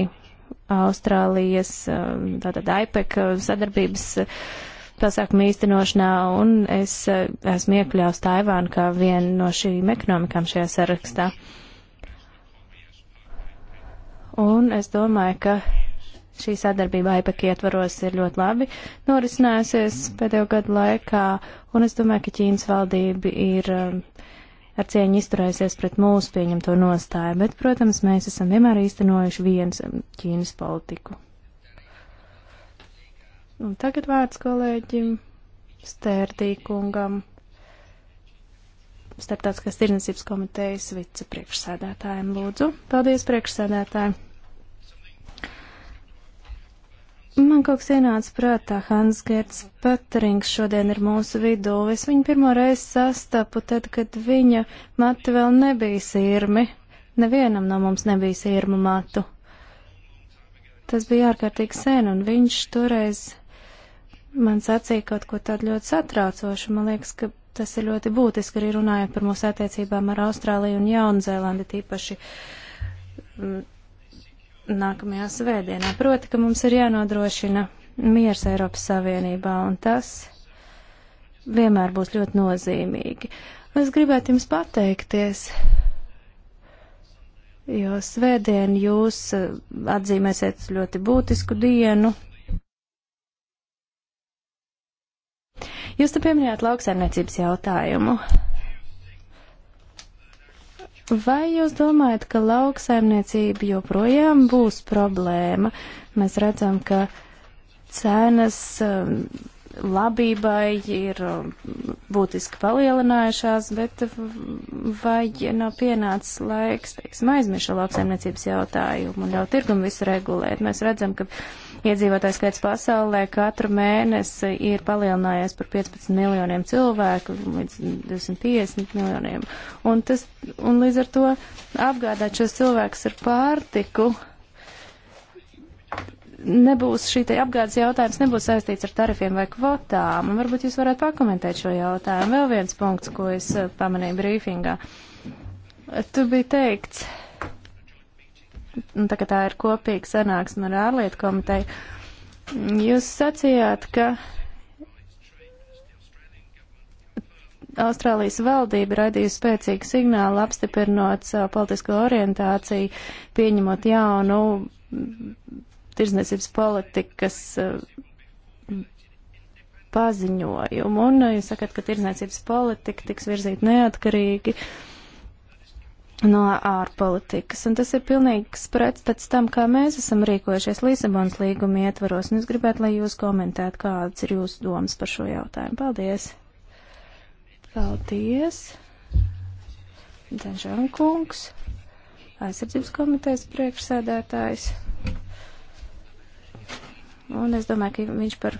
Austrālijas, eh, tātad AIPEC eh, sadarbības eh, pasākumu īstenošanā, un es esmu iekļaus Taivānu kā vienu no šīm ekonomikām šajā sarakstā. Un es domāju, ka šī sadarbība AIPEC ietvaros ir ļoti labi norisinājusies pēdējo gadu laikā, un es domāju, ka Ķīnas valdība ir ar cieņu izturēsies pret mūsu pieņemto nostāju, bet, protams, mēs esam vienmēr īstenojuši viens um, Ķīnas politiku. Un tagad vārds kolēģim Stērtīkungam, starptautiskās tirnesības komitejas vicepriekšsēdētājiem lūdzu. Paldies, priekšsēdētāji! Man kaut kas ienāca prātā, Hans Gerts Patrings šodien ir mūsu vidū. Es viņu pirmo reizi sastapu tad, kad viņa mati vēl nebija sirmi. Nevienam no mums nebija sirmu matu. Tas bija ārkārtīgi sen, un viņš toreiz man sacīja kaut ko tādu ļoti satraucošu. Man liekas, ka tas ir ļoti būtiski arī runājot par mūsu attiecībām ar Austrāliju un Jaunzēlandi, tīpaši mm, nākamajā svētdienā. Proti, ka mums ir jānodrošina miers Eiropas Savienībā, un tas vienmēr būs ļoti nozīmīgi. Es gribētu jums pateikties, jo svētdien jūs eh, atzīmēsiet ļoti būtisku dienu. Jūs te pieminējāt lauksaimniecības jautājumu. Vai jūs domājat, ka lauksaimniecība joprojām būs problēma? Mēs redzam, ka cenas um, labībai ir um, būtiski palielinājušās, bet vai nav pienācis laiks, teiksim, aizmirst šo lauksaimniecības jautājumu un ļaut tirgumu visu regulēt? Mēs redzam, ka Iedzīvotājs skaits pasaulē katru mēnesi ir palielinājies par 15 miljoniem cilvēku līdz 250 miljoniem. Un, tas, un līdz ar to apgādāt šos cilvēkus ar pārtiku nebūs šī te apgādes jautājums, nebūs saistīts ar tarifiem vai kvotām. Un varbūt jūs varētu pakomentēt šo jautājumu. Vēl viens punkts, ko es eh, pamanīju brīfingā. Tu biji teikts, Nu, tā kā tā ir kopīga sanāksme ar ārlietu komiteju, jūs sacījāt, ka Austrālijas valdība raidīja spēcīgu signālu, apstiprinot savu politisko orientāciju, pieņemot jaunu tirzniecības politikas uh, paziņojumu. Un uh, jūs sakat, ka tirzniecības politika tiks virzīta neatkarīgi. Uh, no ārpolitikas, un tas ir pilnīgs pretstats tam, kā mēs esam rīkojušies Lisabonas līguma ietvaros, un es gribētu, lai jūs komentētu, kādas ir jūsu domas par šo jautājumu. Paldies! Paldies! Danžan kungs, aizsardzības komitejas priekšsēdētājs. Un es domāju, ka viņš par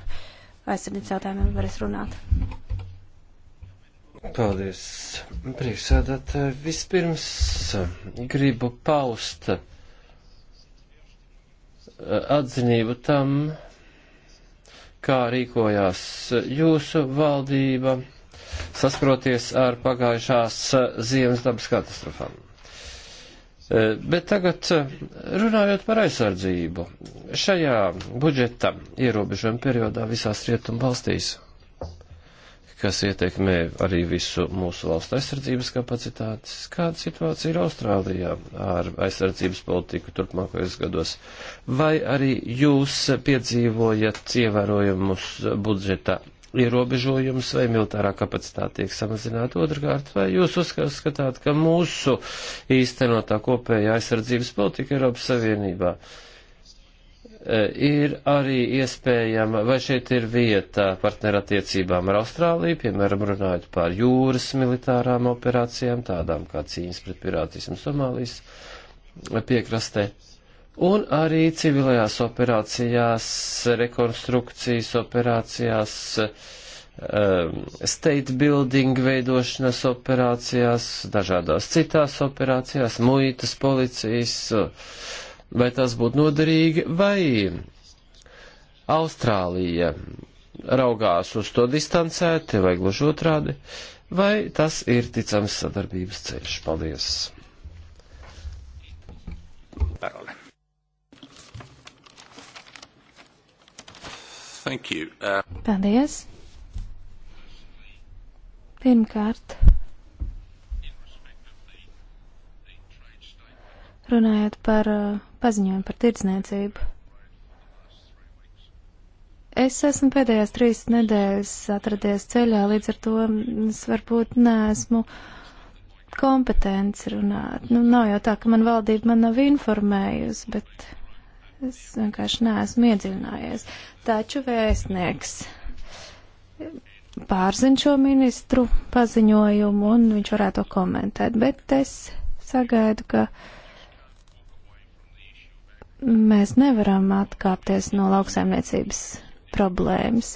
aizsardzības jautājumiem varēs runāt. Paldies, priekšsēdētāji. Vispirms eh, gribu paust eh, atzinību tam, kā rīkojās jūsu valdība saskroties ar pagājušās eh, ziemas dabas katastrofām. Bet tagad runājot par aizsardzību. Šajā budžeta ierobežojuma periodā visās rietumu valstīs kas ietekmē arī visu mūsu valstu aizsardzības kapacitātes. Kāda situācija ir Austrālijā ar aizsardzības politiku turpmākajos gados? Vai arī jūs piedzīvojat ievērojumus budžeta ierobežojumus vai militārā kapacitāte tiek samazināta otrkārt, vai jūs uzskatāt, ka mūsu īstenotā kopējā aizsardzības politika Eiropas Savienībā uh, E, ir arī iespējama, vai šeit ir vieta partnerattiecībām ar Austrāliju, piemēram, runājot par jūras militārām operācijām, tādām kā cīņas pret pirātismu Somālijas piekrastē, un arī civilajās operācijās, rekonstrukcijas operācijās, e, state building veidošanas operācijās, dažādās citās operācijās, muitas policijas vai tas būtu noderīgi, vai Austrālija raugās uz to distancēti, vai gluži otrādi, vai tas ir ticams sadarbības ceļš. Paldies! Parole. Thank you. Uh... Paldies! Pirmkārt, Runājot par eh, paziņojumu par tirdzniecību. Es esmu pēdējās trīs nedēļas atradies ceļā, līdz ar to es varbūt neesmu kompetents runāt. Nu, nav jau tā, ka man valdība man nav informējusi, bet es vienkārši neesmu iedziļinājies. Taču vēstnieks pārzin šo ministru paziņojumu un viņš varētu to komentēt, bet es sagaidu, ka. Uh, mēs nevaram atkāpties no lauksaimniecības problēmas,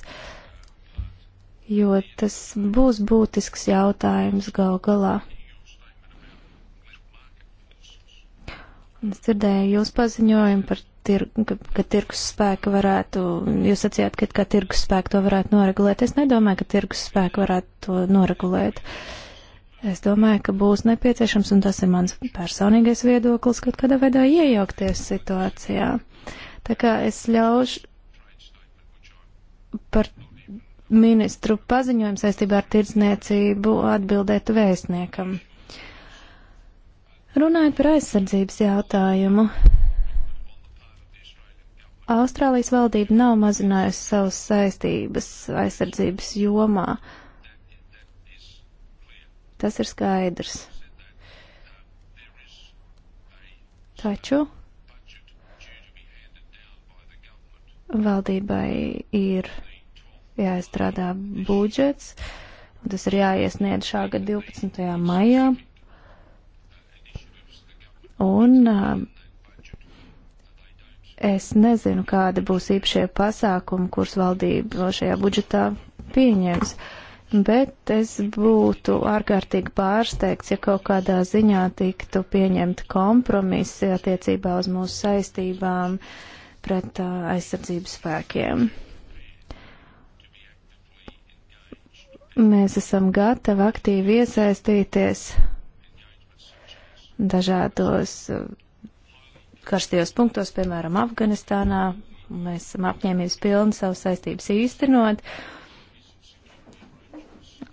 jo tas būs būtisks jautājums gal galā. Un es dzirdēju jūs paziņojumu par, tir, ka, ka tirgus spēka varētu, jūs sacījāt, ka, ka tirgus spēka to varētu noregulēt. Es nedomāju, ka tirgus spēka varētu to noregulēt. Uh, Es domāju, ka būs nepieciešams, un tas ir mans personīgais viedoklis, kaut kādā veidā iejaukties situācijā. Tā kā es ļaušu par ministru paziņojumu saistībā ar tirdzniecību atbildēt vēstniekam. Runājot par aizsardzības jautājumu, Austrālijas valdība nav mazinājusi savas saistības aizsardzības jomā. Uh, Tas ir skaidrs. Taču valdībai ir jāizstrādā budžets, un tas ir jāiesniedz šā gada 12. maijā. Un es nezinu, kāda būs īpašie pasākumi, kurus valdība šajā budžetā pieņems. Uh, bet es būtu ārkārtīgi pārsteigts, ja kaut kādā ziņā tiktu pieņemti kompromisi attiecībā uz mūsu saistībām pret uh, aizsardzības spēkiem. Mēs esam gatavi aktīvi iesaistīties dažādos karstajos punktos, piemēram, Afganistānā. Mēs esam apņēmības pilni savu saistības īstenot. Uh,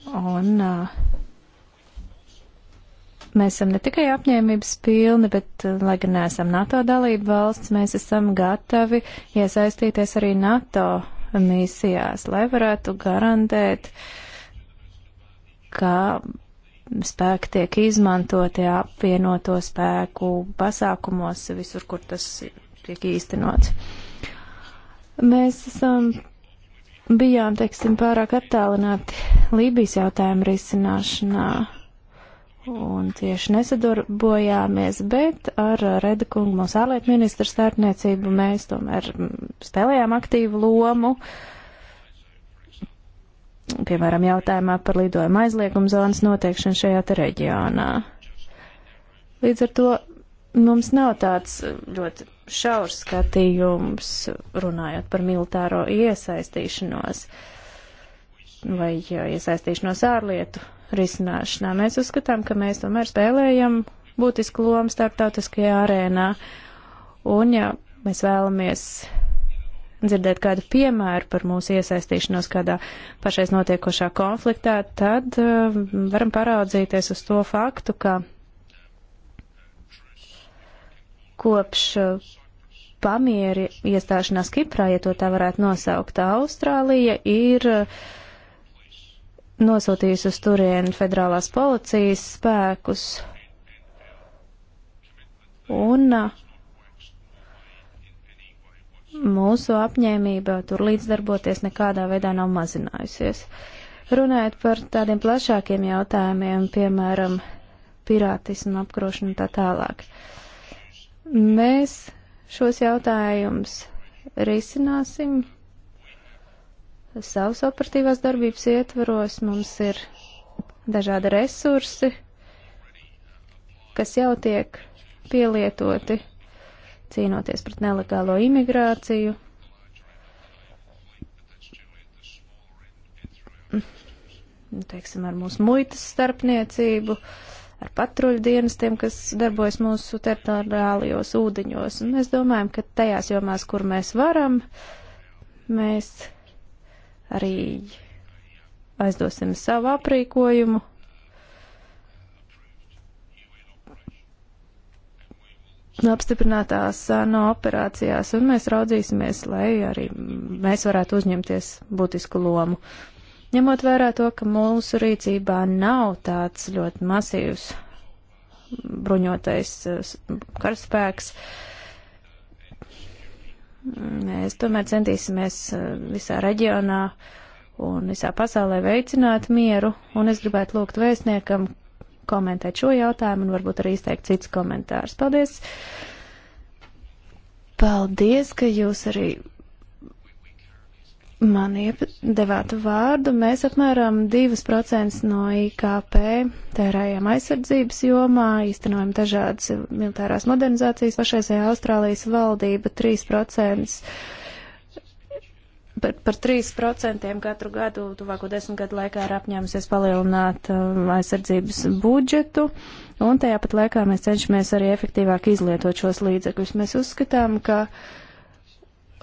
Un uh, mēs esam ne tikai apņēmības pilni, bet, uh, lai gan neesam NATO dalība valsts, mēs esam gatavi iesaistīties arī NATO misijās, lai varētu garantēt, ka spēki tiek izmantoti apvienoto spēku pasākumos visur, kur tas tiek īstenots. Mēs esam bijām, teiksim, pārāk attālināti Lībijas jautājumu risināšanā un tieši nesadarbojāmies, bet ar Reda kungu mūsu ārlietu ministru starpniecību mēs tomēr spēlējām aktīvu lomu. Piemēram, jautājumā par lidojuma aizliegumu zonas noteikšanu šajā te reģionā. Līdz ar to mums nav tāds ļoti šaurs skatījums, runājot par militāro iesaistīšanos vai iesaistīšanos ārlietu risināšanā. Mēs uzskatām, ka mēs tomēr spēlējam būtisku lomu starptautiskajā arēnā. Un, ja mēs vēlamies dzirdēt kādu piemēru par mūsu iesaistīšanos kādā pašais notiekošā konfliktā, tad uh, varam paraudzīties uz to faktu, ka kopš uh, pamieri iestāšanās Kiprā, ja to tā varētu nosaukt, Austrālija ir uh, nosūtījusi uz turienu federālās policijas spēkus un uh, mūsu apņēmība tur līdzdarboties nekādā veidā nav mazinājusies. Runājot par tādiem plašākiem jautājumiem, piemēram, pirātismu apkrošanu un tā tālāk. Uh, Mēs šos jautājumus risināsim savas operatīvās darbības ietvaros. Mums ir dažādi resursi, kas jau tiek pielietoti cīnoties pret nelegālo imigrāciju. Teiksim, ar mūsu muitas starpniecību. Uh, ar patruļu dienestiem, kas darbojas mūsu teritoriālajos ūdeņos. Un mēs domājam, ka tajās jomās, kur mēs varam, mēs arī aizdosim savu aprīkojumu. apstiprinātās no operācijās, un mēs raudzīsimies, lai arī mēs varētu uzņemties būtisku lomu. Uh, Ņemot vērā to, ka mūsu rīcībā nav tāds ļoti masīvs bruņotais eh, karaspēks, mm, mēs tomēr centīsimies eh, visā reģionā un visā pasaulē veicināt mieru, un es gribētu lūgt vēstniekam komentēt šo jautājumu un varbūt arī izteikt cits komentārs. Paldies! Paldies, ka jūs arī man devātu vārdu, mēs apmēram 2% no IKP tērējam aizsardzības jomā, īstenojam dažādas militārās modernizācijas, pašreizējā Austrālijas valdība 3%. Par, par 3% katru gadu tuvāko desmit gadu laikā ir apņēmusies palielināt um, aizsardzības budžetu, un tajā pat laikā mēs cenšamies arī efektīvāk izlietot šos līdzekļus. Mēs uzskatām, ka uh,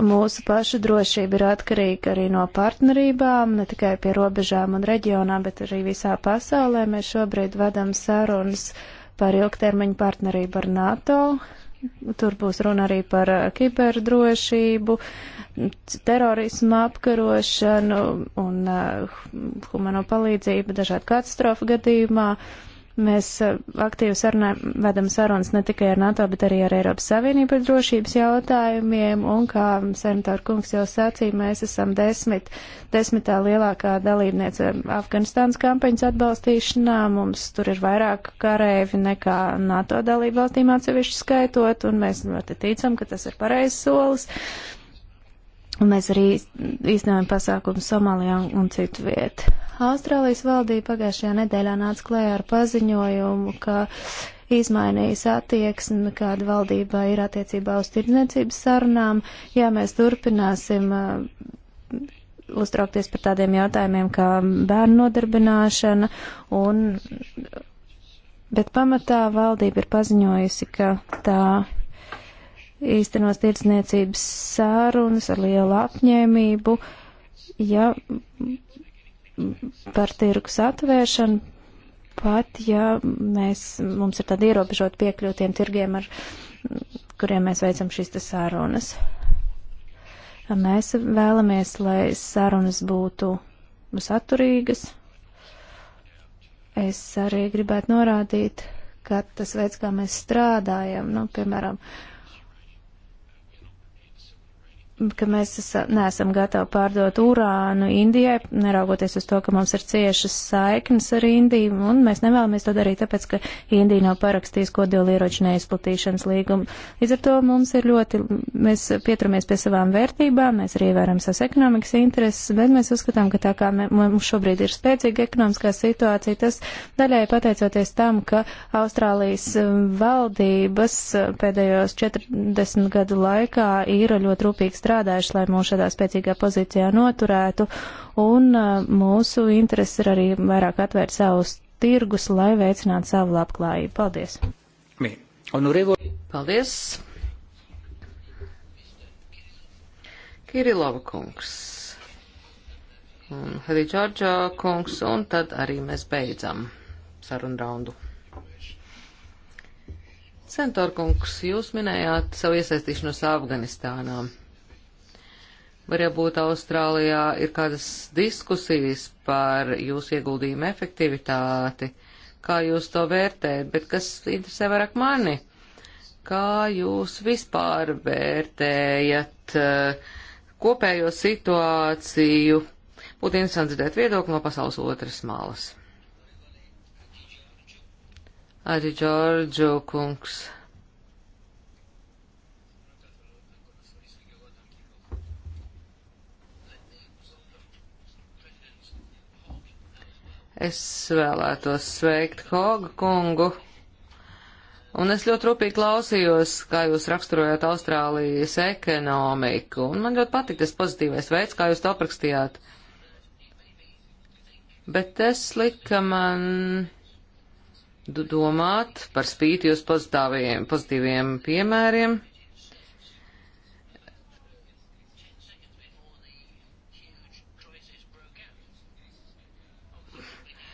mūsu pašu drošība ir atkarīga arī no partnerībām, ne tikai pie robežām un reģionām, bet arī visā pasaulē. Mēs šobrīd vedam sarunas par ilgtermiņu partnerību ar NATO. Tur būs runa arī par uh, kiberdrošību, terorismu apkarošanu un uh, humano palīdzību dažādu katastrofu gadījumā. Uh, Mēs eh, aktīvi sarunājam, vedam sarunas ne tikai ar NATO, bet arī ar Eiropas Savienību par drošības jautājumiem, un kā senatāra kungs jau sacīja, mēs esam desmit, desmitā lielākā dalībniece Afganistānas kampaņas atbalstīšanā, mums tur ir vairāk karēvi nekā NATO dalību valstīm atsevišķi skaitot, un mēs ļoti ticam, ka tas ir pareizs solis. Un mēs arī īstenojam pasākumu Somālijā un, un citu vietu. Austrālijas valdība pagājušajā nedēļā nāca klējā ar paziņojumu, ka izmainījis attieksmi, kāda valdībā ir attiecībā uz tirdzniecības sarunām, ja mēs turpināsim uh, uztraukties par tādiem jautājumiem kā bērnu nodarbināšana un. Bet pamatā valdība ir paziņojusi, ka tā īstenos tirdzniecības sārunas ar lielu apņēmību, ja par tirgus atvēršanu, pat ja mēs, mums ir tāda ierobežota piekļūtiem tirgiem, ar kuriem mēs veicam šīs te sārunas. Mēs vēlamies, lai sarunas būtu saturīgas. Es arī gribētu norādīt, ka tas veids, kā mēs strādājam, nu, piemēram, uh, ka mēs esam, neesam gatavi pārdot urānu Indijai, neraugoties uz to, ka mums ir ciešas saiknes ar Indiju, un mēs nevēlamies to darīt, tāpēc, ka Indija nav parakstījis kodolieroču neizplatīšanas līgumu. Līdz ar to mums ir ļoti, mēs pieturamies pie savām vērtībām, mēs arī ievēram savas ekonomikas intereses, bet mēs uzskatām, ka tā kā mums šobrīd ir spēcīga ekonomiskā situācija, tas daļai pateicoties tam, ka Austrālijas um, valdības uh, pēdējos 40 gadu laikā ir ļoti rūpīgi strādājis strādājuši, lai mūs šādā spēcīgā pozīcijā noturētu, un uh, mūsu interesi ir arī vairāk atvērt savus tirgus, lai veicinātu savu labklājību. Paldies! Paldies! Kirilova kungs un Ričārdžā kungs, un tad arī mēs beidzam sarunu raundu. Centorkungs, jūs minējāt savu iesaistīšanos Afganistānā. Var jābūt Austrālijā ir kādas diskusijas par jūsu ieguldījumu efektivitāti, kā jūs to vērtējat, bet kas interesē vairāk mani? Kā jūs vispār vērtējat eh, kopējo situāciju? Būtu interesanti dzirdēt viedokli no pasaules otras malas. Arī Džordžu kungs. Es vēlētos sveikt Hoga kungu, un es ļoti rūpīgi klausījos, kā jūs raksturojāt Austrālijas ekonomiku, un man ļoti patīk tas pozitīvais veids, kā jūs to aprakstījāt. Bet tas lika man um, domāt par spīti jūs pozitīviem, pozitīviem piemēriem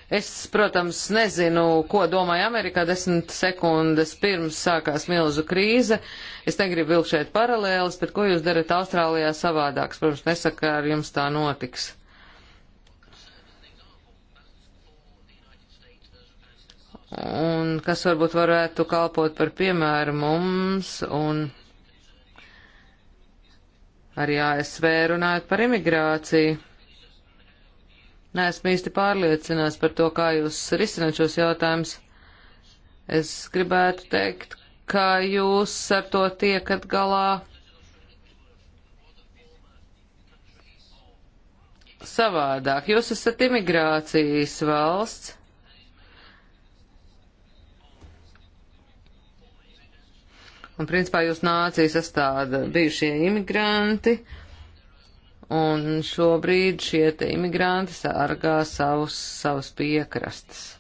Es, protams, nezinu, ko domāja Amerikā desmit sekundes pirms sākās milzu krīze. Es negribu vilkt šeit paralēlis, bet ko jūs darat Austrālijā savādāks? Protams, nesaka, ar jums tā notiks. Un kas varbūt varētu kalpot par piemēru mums un arī ASV runājot par imigrāciju. Neesmu īsti pārliecināts par to, kā jūs risināt šos jautājumus. Es gribētu teikt, ka jūs ar to tiekat galā savādāk. Jūs esat imigrācijas valsts. Un, principā, jūs nācijas esat tāda bijušie imigranti, Un šobrīd šie te imigranti sargā savus, savus piekrastes.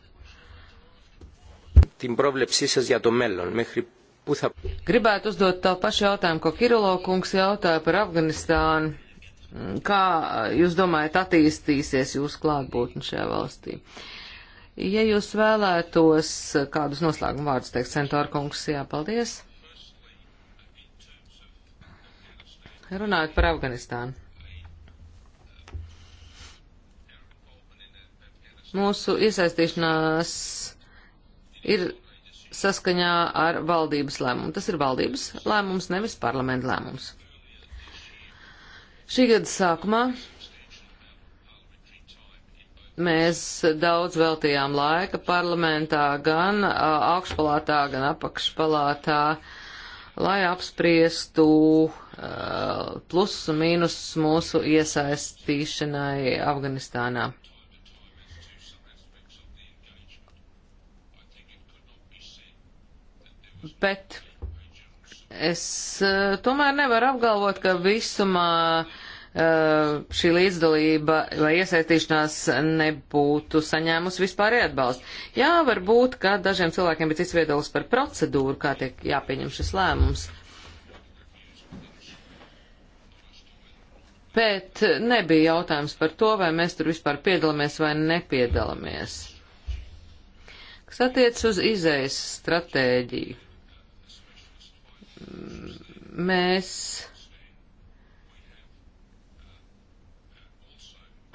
Gribētu uzdot tā pašu jautājumu, ko Kirilo kungs jautāja par Afganistānu. Kā jūs domājat, attīstīsies jūsu klātbūtne šajā valstī? Ja jūs vēlētos kādus noslēguma vārdus teikt, Centora kungs, jā, paldies. Runājot par Afganistānu. Mūsu iesaistīšanās ir saskaņā ar valdības lēmumu. Tas ir valdības lēmums, nevis parlamenta lēmums. Šī gada sākumā mēs daudz veltījām laika parlamentā, gan augšpalātā, gan apakšpalātā, lai apspriestu plusus un mīnusus mūsu iesaistīšanai Afganistānā. bet es eh, tomēr nevaru apgalvot, ka visumā eh, šī līdzdalība vai iesaistīšanās nebūtu saņēmusi vispārēju atbalstu. Jā, varbūt, ka dažiem cilvēkiem ir cits viedoklis par procedūru, kā tiek jāpieņem šis lēmums. Bet nebija jautājums par to, vai mēs tur vispār piedalāmies vai nepiedalāmies. Kas attiec uz izējas stratēģiju? mēs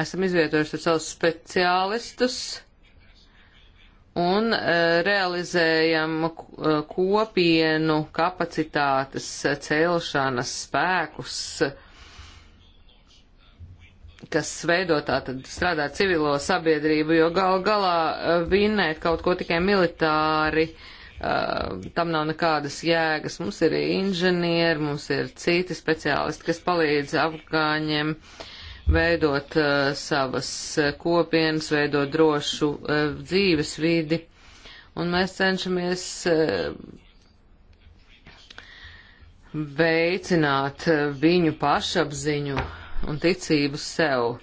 esam izvietojuši tur savus speciālistus un e, realizējam e, kopienu kapacitātes e, celšanas spēkus, kas veido tātad strādā civilo sabiedrību, jo gal galā vinnēt kaut ko tikai militāri uh, Uh, tam nav nekādas jēgas. Mums ir inženieri, mums ir citi speciālisti, kas palīdz afgāņiem veidot uh, savas uh, kopienas, veidot drošu uh, dzīves vidi. Un mēs cenšamies uh, veicināt uh, viņu pašapziņu un ticību sev.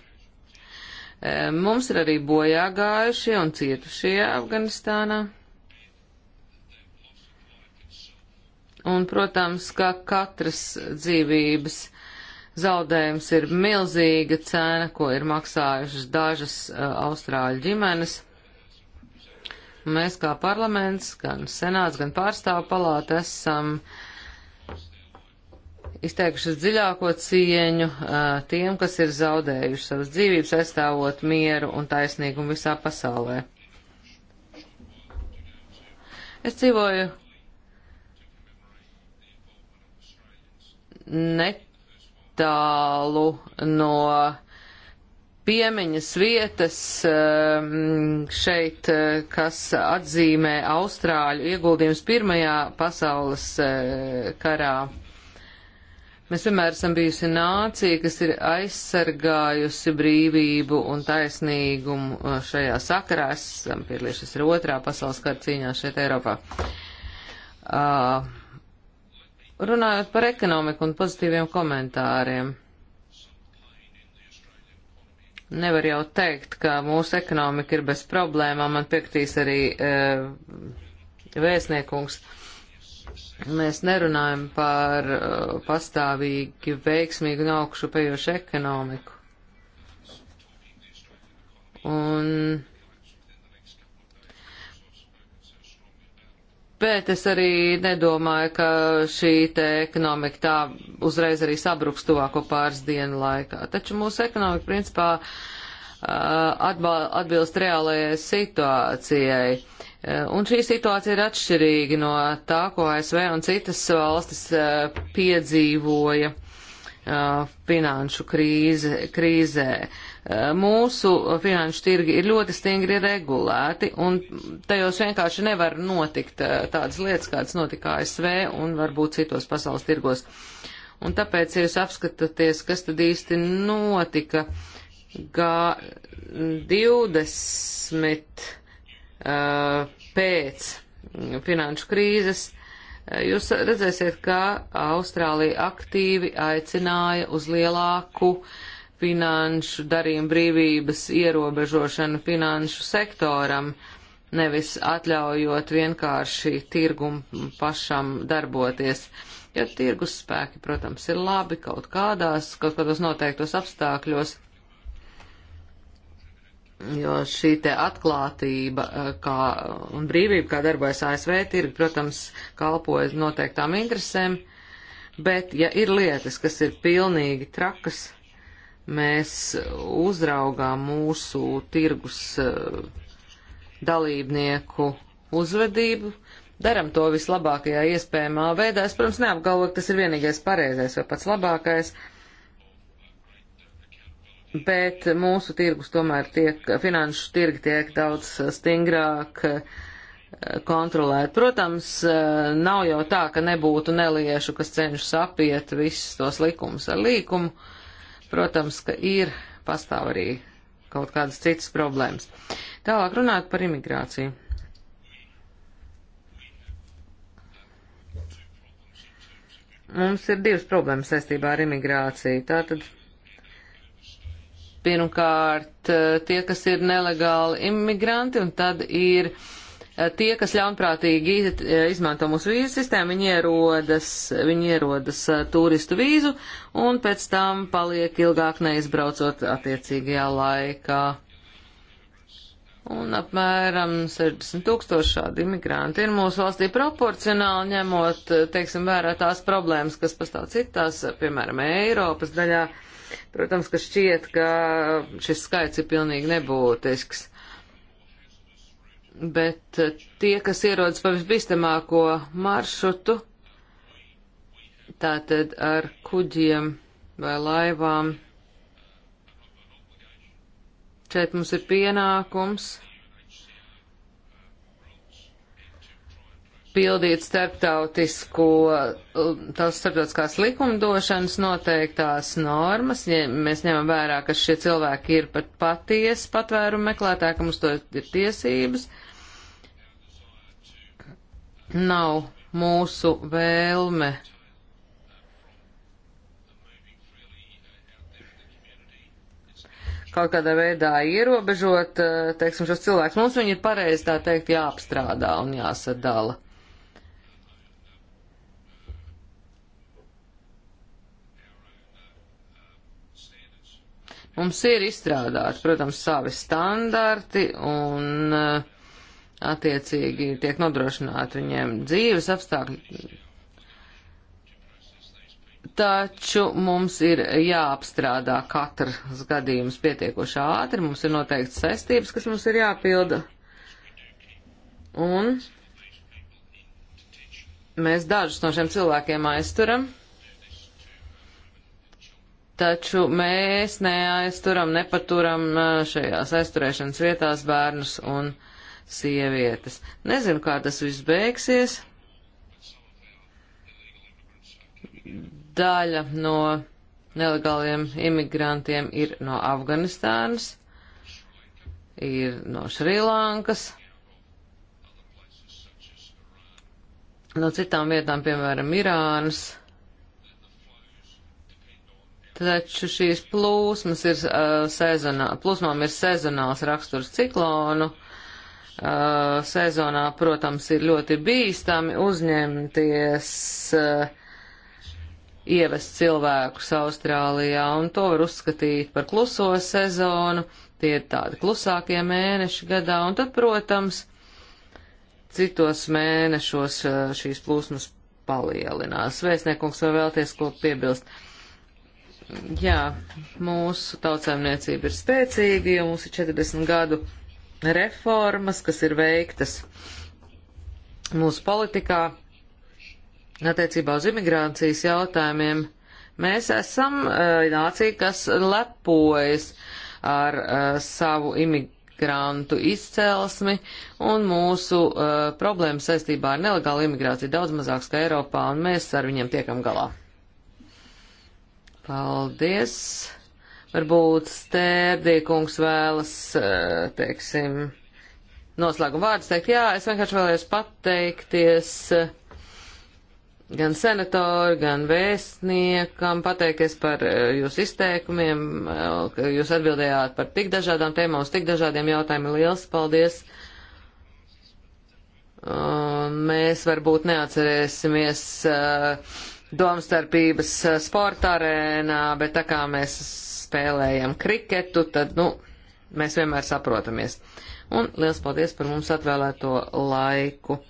Mums ir arī bojā gājušie un cietušie Afganistānā. Un, protams, ka katras dzīvības zaudējums ir milzīga cena, ko ir maksājušas dažas uh, austrāļu ģimenes. Mēs kā parlaments, gan senāts, gan pārstāvu palāta esam izteikuši dziļāko cieņu uh, tiem, kas ir zaudējuši savas dzīvības, aizstāvot mieru un taisnīgumu visā pasaulē. Es dzīvoju netālu no piemiņas vietas um, šeit, uh, kas atzīmē Austrāļu ieguldījums Pirmajā pasaules uh, karā. Mēs vienmēr esam bijusi nācija, kas ir aizsargājusi brīvību un taisnīgumu uh, šajā sakarā. Esam piedalījušies arī otrā pasaules kara cīņā šeit Eiropā. Uh, Runājot par ekonomiku un pozitīviem komentāriem. Nevar jau teikt, ka mūsu ekonomika ir bez problēmām, man piektīs arī e, vēstniekums. Mēs nerunājam par e, pastāvīgi veiksmīgu un augšu pejošu ekonomiku. Un Bet es arī nedomāju, ka šī te ekonomika tā uzreiz arī sabruks tuvāko pāris dienu laikā. Taču mūsu ekonomika principā atbilst reālajai situācijai. Un šī situācija ir atšķirīga no tā, ko ASV un citas valstis piedzīvoja finanšu krīze, krīzē mūsu finanšu tirgi ir ļoti stingri regulēti, un tajos vienkārši nevar notikt eh, tādas lietas, kādas notika ASV un varbūt citos pasaules tirgos. Un tāpēc, ja jūs apskatāties, kas tad īsti notika G20 eh, pēc finanšu krīzes, eh, jūs redzēsiet, ka Austrālija aktīvi aicināja uz lielāku uh, finanšu darījuma brīvības ierobežošanu finanšu sektoram, nevis atļaujot vienkārši tirgumu pašam darboties. Jo tirgus spēki, protams, ir labi kaut kādās, kaut kādos noteiktos apstākļos, jo šī te atklātība eh, kā, un brīvība, kā darbojas ASV tirgi, protams, kalpoja noteiktām interesēm, bet ja ir lietas, kas ir pilnīgi trakas, mēs uzraugām mūsu tirgus eh, dalībnieku uzvedību, daram to vislabākajā iespējamā veidā. Es, protams, neapgalvoju, ka tas ir vienīgais pareizais vai pats labākais, bet mūsu tirgus tomēr tiek, finanšu tirgi tiek daudz stingrāk eh, kontrolēt. Protams, eh, nav jau tā, ka nebūtu neliešu, kas cenšas apiet visus tos likumus ar līkumu Protams, ka ir pastāv arī kaut kādas citas problēmas. Tālāk runāt par imigrāciju. Mums ir divas problēmas saistībā ar imigrāciju. Tātad pirmkārt tie, kas ir nelegāli imigranti, un tad ir uh, Eh, tie, kas ļaunprātīgi eh, izmanto mūsu vīzu sistēmu, viņi ierodas, viņi ierodas eh, turistu vīzu un pēc tam paliek ilgāk neizbraucot attiecīgajā laikā. Un apmēram 60 tūkstoši šādi imigranti ir mūsu valstī proporcionāli ņemot, teiksim, vērā tās problēmas, kas pastāv citās, piemēram, Eiropas daļā. Protams, ka šķiet, ka šis skaits ir pilnīgi nebūtisks bet eh, tie, kas ierodas pa visbīstamāko maršrutu, tātad ar kuģiem vai laivām, šeit mums ir pienākums pildīt starptautisko, tās starptautiskās likumdošanas noteiktās normas. Ja mēs ņemam vērā, ka šie cilvēki ir pat patiesi patvērumu meklētāji, ka mums to ir tiesības. Uh, nav mūsu vēlme. Kaut kādā veidā ierobežot, eh, teiksim, šos cilvēkus. Mums viņi ir pareizi, tā teikt, jāapstrādā un jāsadala. Mums ir izstrādāti, protams, savi standarti un uh, attiecīgi tiek nodrošināti viņiem dzīves apstākļi. Taču mums ir jāapstrādā katrs gadījums pietiekoši ātri, mums ir noteikti saistības, kas mums ir jāpilda. Un mēs dažus no šiem cilvēkiem aizturam, taču mēs neaizturam, nepaturam eh, šajās aizturēšanas vietās bērnus un bērnus sievietes. Nezinu, kā tas viss beigsies. Daļa no nelegāliem imigrantiem ir no Afganistānas, ir no Šrilankas, no citām vietām, piemēram, Irānas. Taču šīs plūsmas ir uh, sezonā, plūsmām ir sezonāls raksturs ciklonu. Uh, uh, sezonā, protams, ir ļoti bīstami uzņemties uh, ievest cilvēkus Austrālijā, un to var uzskatīt par kluso sezonu, tie ir tādi klusākie mēneši gadā, un tad, protams, citos mēnešos uh, šīs plūsmas palielinās. Vēstniekums vai vēlties ko piebilst? Jā, mūsu tautsēmniecība ir spēcīga, jo mums ir 40 gadu reformas, kas ir veiktas mūsu politikā attiecībā uz imigrācijas jautājumiem. Mēs esam uh, nācija, kas lepojas ar uh, savu imigrantu izcelsmi, un mūsu uh, problēmas saistībā ar nelegālu imigrāciju daudz mazāks kā Eiropā, un mēs ar viņiem tiekam galā. Paldies! Varbūt stērdīkums vēlas, eh, teiksim, noslēguma vārdus teikt. Jā, es vienkārši vēlējos pateikties eh, gan senatoru, gan vēstniekam, pateikties par eh, jūsu izteikumiem, ka jūs atbildējāt par tik dažādām tēmām, uz tik dažādiem jautājumiem. Liels paldies! Un mēs varbūt neatcerēsimies domstarpības sporta arēnā, bet tā kā mēs spēlējam kriketu, tad, nu, mēs vienmēr saprotamies. Un liels paldies par mums atvēlēto laiku.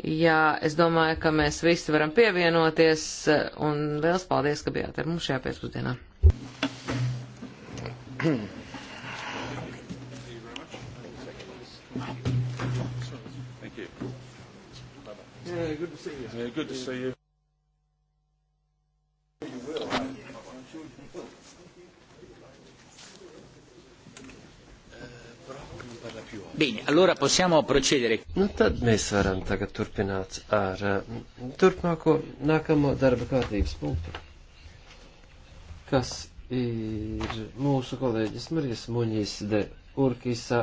Jā, es domāju, ka mēs visi varam pievienoties, un liels paldies, ka bijāt ar mums šajā pēcpusdienā. Yeah, good to see you. Yeah, good to see you. You will. Right? Bene, allora possiamo procedere. Nu tad mēs varam tagad turpināt ar mm, turpmāko nākamo darba kārtības punktu, kas ir mūsu kolēģis Marijas Muņīs de Urkisa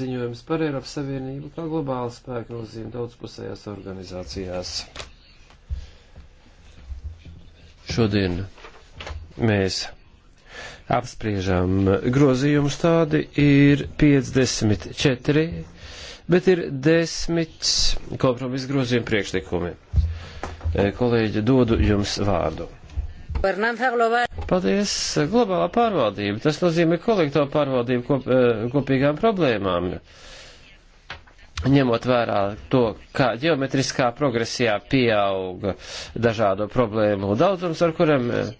ziņojums par Eiropas Savienību kā globālu spēku nozīmi daudzpusējās organizācijās. Šodien mēs apspriežam grozījumus tādi ir 54, bet ir 10 kompromisu grozījumu priekšlikumi. Eh, kolēģi, dodu jums vārdu. Paldies! Globālā pārvaldība, tas nozīmē kolektīvu pārvaldību kop, eh, kopīgām problēmām ņemot vērā to, kā ģeometriskā progresijā pieauga dažādo problēmu daudzums, ar kuriem eh,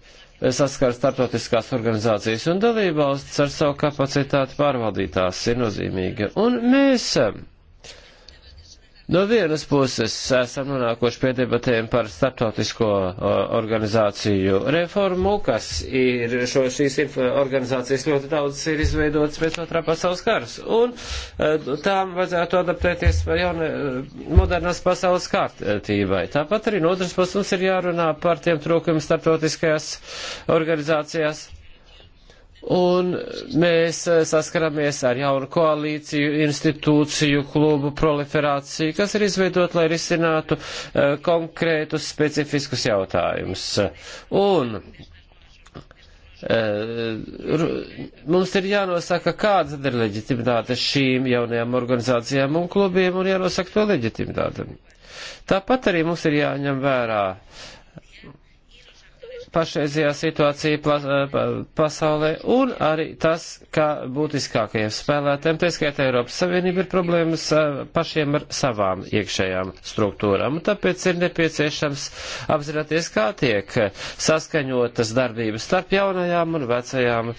saskars starptautiskās organizācijas un dalībvalstis ar savu kapacitāti pārvaldītās ir nozīmīga. Un mēs No vienas puses esam nonākuši pie debatēm par starptautisko organizāciju reformu, kas ir šo, šīs organizācijas ļoti daudz ir izveidotas pēc otrā pasaules karas, un e, tām vajadzētu adaptēties jaunai e, modernās pasaules kārtībai. Tāpat arī no otras puses mums ir jārunā par tiem trūkumiem starptautiskajās organizācijās Un mēs eh, saskaramies ar jaunu koalīciju, institūciju, klubu proliferāciju, kas ir izveidot, lai risinātu eh, konkrētus specifiskus jautājumus. Un eh, mums ir jānosaka, kāda ir leģitimitāte šīm jaunajām organizācijām un klubiem, un jānosaka to leģitimitāte. Tāpat arī mums ir jāņem vērā pašreizajā situācija pla, pasaulē un arī tas, kā būtiskākajiem spēlētēm, tā skaitā Eiropas Savienība, ir problēmas pašiem ar savām iekšējām struktūrām. Un tāpēc ir nepieciešams apzināties, kā tiek saskaņotas darbības starp jaunajām un vecajām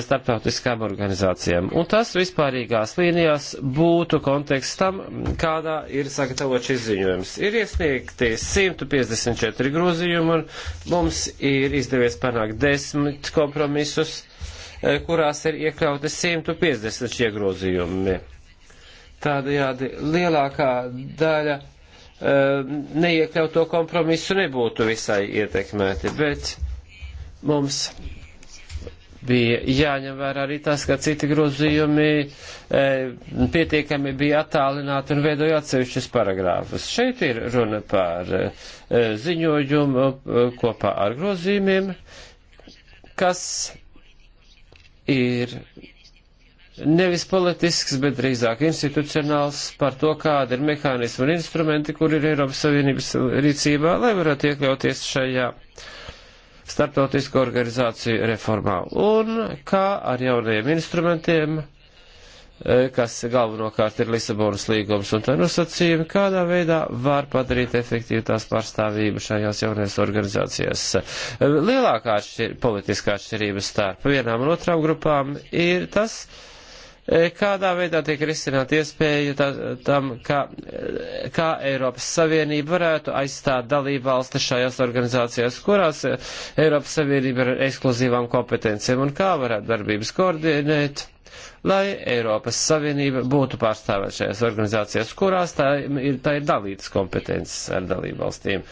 starptautiskām organizācijām. Un tas vispārīgās līnijās būtu kontekstam, kādā ir sagatavots šis ziņojums. Ir iesniegti 154 grozījumi un mums ir ir izdevies panākt desmit kompromisus, eh, kurās ir iekļauti 150 iegrozījumi. Tādējādi lielākā daļa eh, neiekļauto kompromisu nebūtu visai ietekmēti, bet mums bija jāņem vērā arī tas, ka citi grozījumi e, pietiekami bija attālināti un veidoja atsevišķas paragrāfus. Šeit ir runa par e, ziņojumu e, kopā ar grozījumiem, kas ir nevis politisks, bet drīzāk institucionāls par to, kāda ir mehānismi un instrumenti, kur ir Eiropas Savienības rīcībā, lai varētu iekļauties šajā. E, starptautisko organizāciju reformā un kā ar jaunajiem instrumentiem, e, kas galvenokārt ir Lisabonas līgums un tā nosacījumi, kādā veidā var padarīt efektīvu tās pārstāvību šajās jaunajās organizācijās. E, lielākā atšķir, politiskā atšķirība starp vienām un otrām grupām ir tas, Kādā veidā tiek risināta iespēja tā, tam, ka, kā Eiropas Savienība varētu aizstāt dalību valsti šajās organizācijās, kurās Eiropas Savienība ir ar ekskluzīvām kompetencijām un kā varētu darbības koordinēt, lai Eiropas Savienība būtu pārstāvēt šajās organizācijās, kurās tā ir, tā ir dalītas kompetences ar dalību valstīm.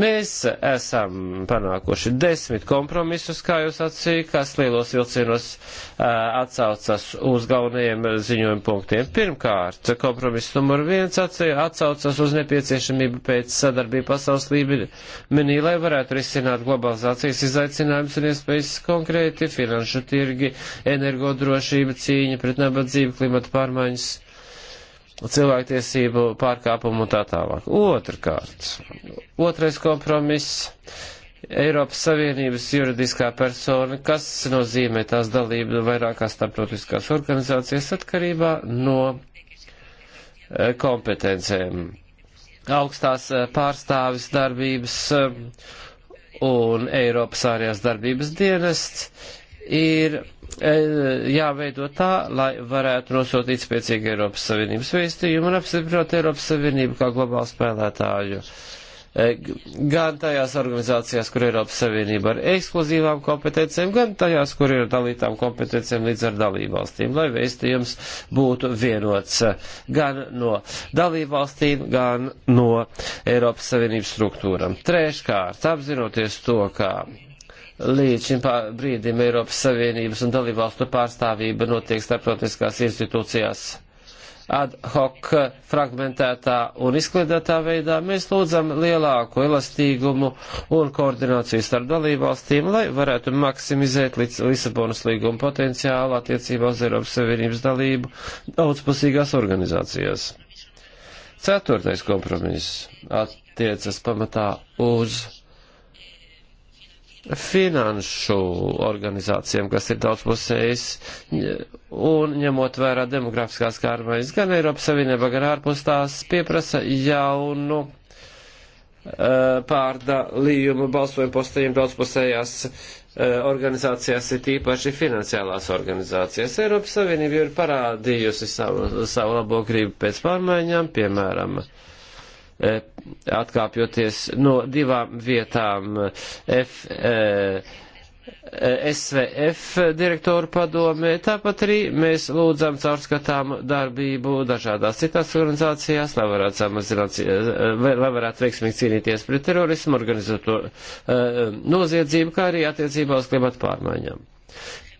Mēs esam panākuši desmit kompromisus, kā jūs atsīja, kas lielos vilcienos uh, atsaucas uz galvenajiem ziņojuma punktiem. Pirmkārt, kompromiss numur viens atsaucas uz nepieciešamību pēc sadarbību pasaules līmenī, lai varētu risināt globalizācijas izaicinājumus un iespējas konkrēti finanšu tirgi, energodrošība, cīņa pret nabadzību, klimata pārmaiņas cilvēktiesību pārkāpumu un tā tālāk. Otrkārt, otrais kompromiss - Eiropas Savienības juridiskā persona, kas nozīmē tās dalību vairākās starptautiskās organizācijas atkarībā no eh, kompetencēm. Augstās eh, pārstāvis darbības eh, un Eiropas ārējās darbības dienests ir Eh, jāveido tā, lai varētu nosūtīt spēcīgu Eiropas Savienības vēstījumu un apstiprināt Eiropas Savienību kā globālu spēlētāju. Eh, gan tajās organizācijās, kur Eiropas Savienība ar ekskluzīvām kompetencijām, gan tajās, kur ir dalītām kompetencijām līdz ar dalībvalstīm, lai vēstījums būtu vienots eh, gan no dalībvalstīm, gan no Eiropas Savienības struktūram. Treškārt, apzinoties to, ka Līdz šim brīdim Eiropas Savienības un dalībvalstu pārstāvība notiek starptautiskās institūcijās ad hoc fragmentētā un izkliedētā veidā, mēs lūdzam lielāku elastīgumu un koordināciju starp dalībvalstīm, lai varētu maksimizēt Lisabonas līguma potenciālu attiecībā uz Eiropas Savienības dalību daudzpusīgās organizācijās. Ceturtais kompromiss attiecas pamatā uz finanšu organizācijām, kas ir daudzpusējas, un ņemot vērā demografiskās kārmaiņas gan Eiropas Savienībā, gan ārpus tās, pieprasa jaunu uh, pārdalījumu balsojumu postajiem daudzpusējās uh, organizācijās, ir tīpaši finansiālās organizācijas. Eiropas Savienība jau ir parādījusi savu, savu labo gribu pēc pārmaiņām, piemēram, uh, E, atkāpjoties no divām vietām F, e, e, SVF direktoru padomē. Tāpat arī mēs lūdzam caurskatām darbību dažādās citās organizācijās, lai varētu samazināt, lai varētu veiksmīgi cīnīties pret terorismu, organizēto noziedzību, kā arī attiecībā uz klimatu pārmaiņām.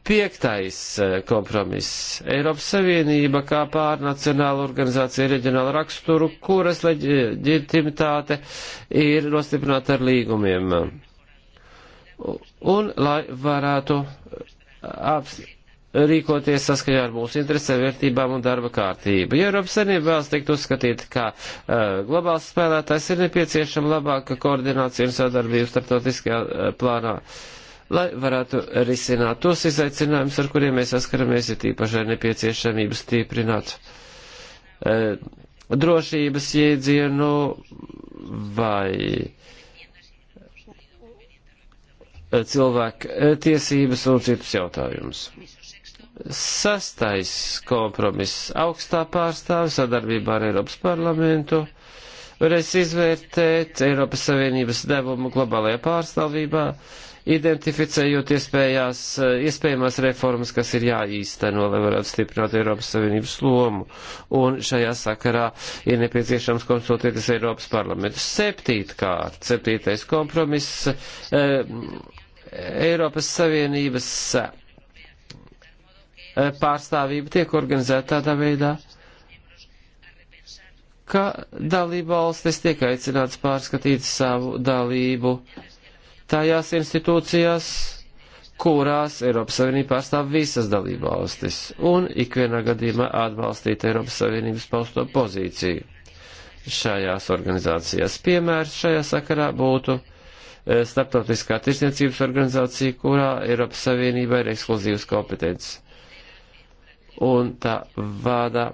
Piektais eh, kompromiss - Eiropas Savienība kā pārnacionāla organizācija reģionāla raksturu, kuras leģitimitāte ir nostiprināta ar līgumiem. Un lai varētu eh, apstiprināt rīkoties saskaņā ar mūsu interesēm, vērtībām un darba kārtību. Ja Eiropas Savienība vēlas tikt uzskatīta kā uh, globāls spēlētājs, ir nepieciešama labāka koordinācija un sadarbība starptautiskajā uh, plānā. Uh, lai varētu risināt tos izaicinājumus, ar kuriem mēs saskaramies, ir tīpaši ar nepieciešamību stiprināt e, drošības jēdzienu vai e, cilvēku e, tiesības un citus jautājumus. Sastais kompromiss augstā pārstāve sadarbībā ar Eiropas parlamentu varēs izvērtēt Eiropas Savienības devumu globālajā pārstāvībā, identificējot iespējās, iespējamās reformas, kas ir jāīsteno, lai varētu stiprināt Eiropas Savienības lomu. Un šajā sakarā ir nepieciešams konsultēties Eiropas parlamentu. Septītkārt, septītais kompromiss, eh, Eiropas Savienības eh, pārstāvība tiek organizēta tādā veidā, ka dalība valstis tiek aicināts pārskatīt savu dalību tajās institūcijās, kurās Eiropas Savienība pārstāv visas dalībvalstis un ikvienā gadījumā atbalstīt Eiropas Savienības pausto pozīciju. Šajās organizācijās piemērs šajā sakarā būtu e, Startautiskā tirsniecības organizācija, kurā Eiropas Savienība ir ekskluzīvas kompetences. Un tā vada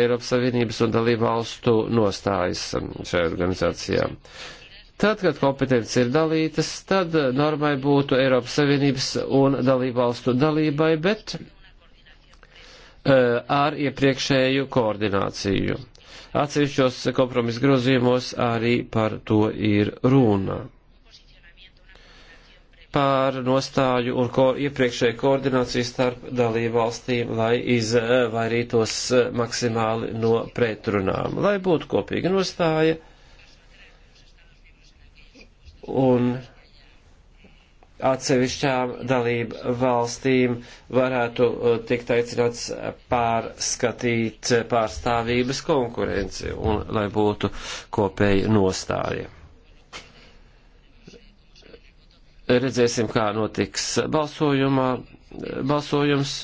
Eiropas Savienības un dalībvalstu nostājas um, šajā organizācijā. Tad, kad kompetences ir dalītas, tad normai būtu Eiropas Savienības un dalību valstu dalībai, bet eh, ar iepriekšēju koordināciju. Atsevišķos kompromisu grozījumos arī par to ir runa. Par nostāju un ko, iepriekšēju koordināciju starp dalību valstīm, lai izvairītos maksimāli no pretrunām, lai būtu kopīga nostāja un atsevišķām dalību valstīm varētu uh, tikt aicināts pārskatīt pārstāvības konkurenci un lai būtu kopēji nostāja. Redzēsim, kā notiks balsojumā, balsojums,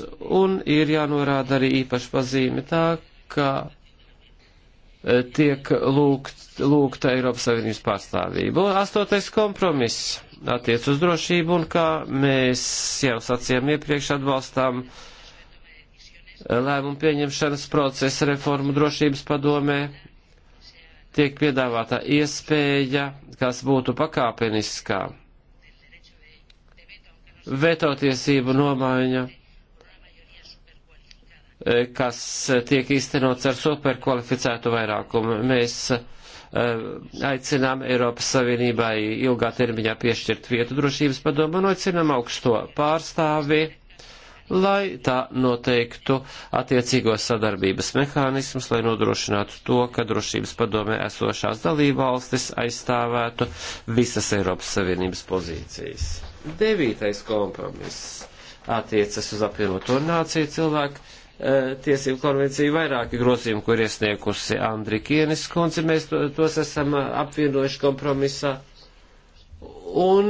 un ir jānorāda arī īpaši pazīme tā, ka tiek lūgt, lūgta Eiropas Savienības pārstāvība. Astotais kompromiss attiec uz drošību un kā mēs jau sacījām iepriekš atbalstām lēmumu pieņemšanas procesa reformu drošības padomē, tiek piedāvāta iespēja, kas būtu pakāpeniskā, veto tiesību nomaiņa Eh, kas tiek īstenots ar superkvalificētu vairākumu. Mēs eh, aicinām Eiropas Savienībai ilgā termiņā piešķirt vietu drošības padomu un aicinām augsto pārstāvi, lai tā noteiktu attiecīgos sadarbības mehānismus, lai nodrošinātu to, ka drošības padomē esošās dalībvalstis aizstāvētu visas Eiropas Savienības pozīcijas. Devītais kompromiss attiecas uz apvienoto nāciju cilvēku Eh, tiesību konvenciju vairāki grozījumi, kur iesniegusi Andri Kienis kundze, mēs to, tos esam eh, apvienojuši kompromisā. Un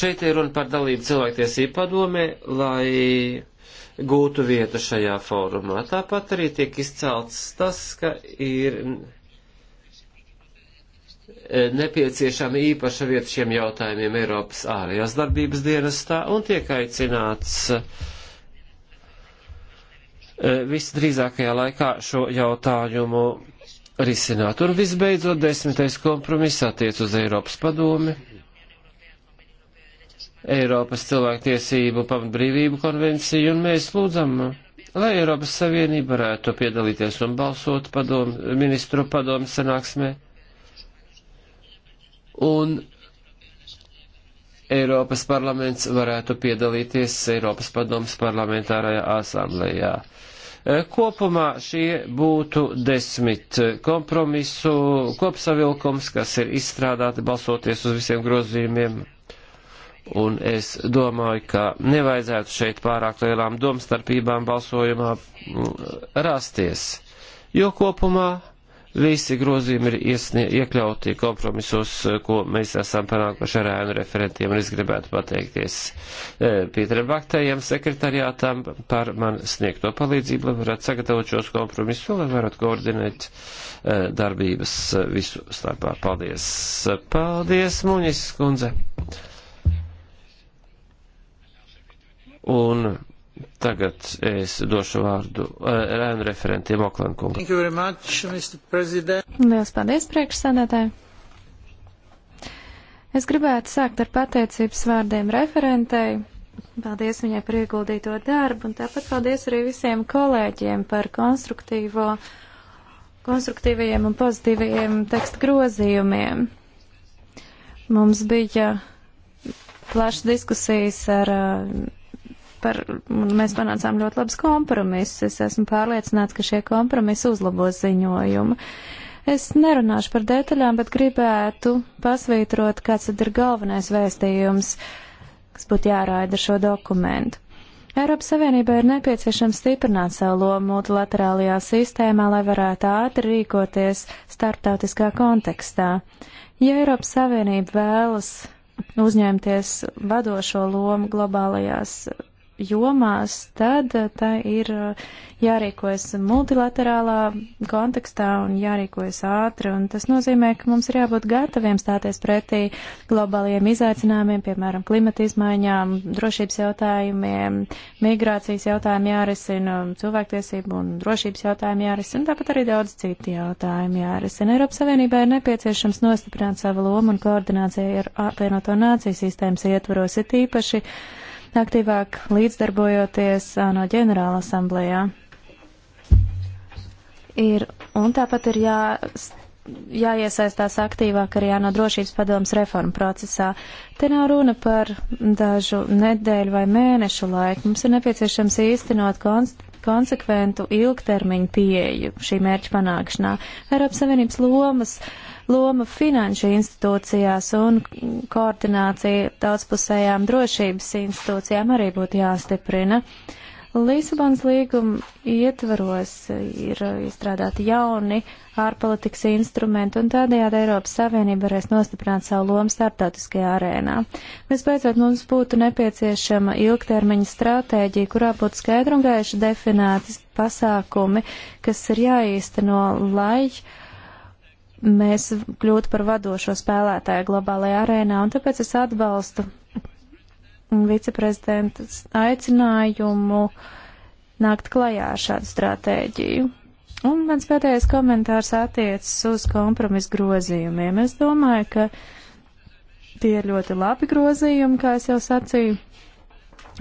šeit ir runa par dalību cilvēktiesību padomē, lai gūtu vietu šajā fórumā. Tāpat arī tiek izcelts tas, ka ir eh, nepieciešama īpaša vieta šiem jautājumiem Eiropas ārējās darbības dienestā un tiek aicināts uh, E, visdrīzākajā laikā šo jautājumu risināt. Un visbeidzot, desmitais kompromiss attiec uz Eiropas padomi, Eiropas cilvēktiesību pamatbrīvību konvenciju, un mēs lūdzam, lai Eiropas Savienība varētu piedalīties un balsot padomu, ministru padomu sanāksmē. Un Eiropas parlaments varētu piedalīties Eiropas padomas parlamentārajā asamblējā. Uh, Eh, kopumā šie būtu desmit kompromisu kopsavilkums, kas ir izstrādāti balsoties uz visiem grozījumiem. Un es domāju, ka nevajadzētu šeit pārāk lielām domstarpībām balsojumā mm, rasties, jo kopumā Visi grozījumi ir iesnie, iekļauti kompromisos, eh, ko mēs esam panākuši ar ēnu referentiem, un es gribētu pateikties eh, Pīteram Baktējiem, sekretariātam par man sniegto palīdzību, lai varētu sagatavot šos kompromisus, lai varētu koordinēt eh, darbības visu starpā. Paldies! Paldies, Muņis skundze! Un Tagad es došu vārdu Rēnu eh, referentiem Oklankungam. Lielas paldies, priekšsādātāji! Es gribētu sākt ar pateicības vārdiem referentei. Paldies viņai par ieguldīto darbu, un tāpat paldies arī visiem kolēģiem par konstruktīvo, konstruktīvajiem un pozitīvajiem tekstu grozījumiem. Mums bija plašas diskusijas ar uh, par, mēs panācām ļoti labs kompromiss. Es esmu pārliecināts, ka šie kompromisi uzlabos ziņojumu. Es nerunāšu par detaļām, bet gribētu pasvītrot, kāds tad ir galvenais vēstījums, kas būtu jāraida šo dokumentu. Eiropas Savienībai ir nepieciešams stiprināt savu lomu multilaterālajā sistēmā, lai varētu ātri rīkoties starptautiskā kontekstā. Ja Eiropas Savienība vēlas uzņemties vadošo lomu globālajās jomās, tad eh, tā ir eh, jārīkojas multilaterālā kontekstā un jārīkojas ātri, un tas nozīmē, ka mums ir jābūt gataviem stāties pretī globālajiem izaicinājumiem, piemēram, klimata izmaiņām, drošības jautājumiem, migrācijas jautājumi jārisina, cilvēktiesību un drošības jautājumi jārisina, tāpat arī daudz citu jautājumu jārisina. Eiropas Savienībā ir nepieciešams nostiprināt savu lomu un koordināciju ar apvienoto nāciju sistēmas ietvaros, ir tīpaši aktīvāk līdzdarbojoties no ģenerāla asamblējā. Ir, un tāpat ir jā, jāiesaistās aktīvāk arī no drošības padomas reformu procesā. Te nav runa par dažu nedēļu vai mēnešu laiku. Mums ir nepieciešams īstenot konst konsekventu ilgtermiņu pieeju šī mērķa panākšanā. Eiropas Savienības lomas uh, loma finanšu institūcijās un koordinācija daudzpusējām drošības institūcijām arī būtu jāstiprina. Līsabonas līguma ietvaros ir izstrādāti jauni ārpolitikas instrumenti, un tādējādi Eiropas Savienība varēs nostiprināt savu lomu starptautiskajā arēnā. Vispēcot mums būtu nepieciešama ilgtermiņa stratēģija, kurā būtu skaidri un gaiši definēti pasākumi, kas ir jāīsteno, lai uh, mēs kļūtu par vadošo spēlētāju globālajā arēnā, un tāpēc es atbalstu viceprezidentas aicinājumu nākt klajā ar šādu stratēģiju. Un mans pēdējais komentārs attiecas uz kompromisu grozījumiem. Es domāju, ka tie ir ļoti labi grozījumi, kā es jau sacīju,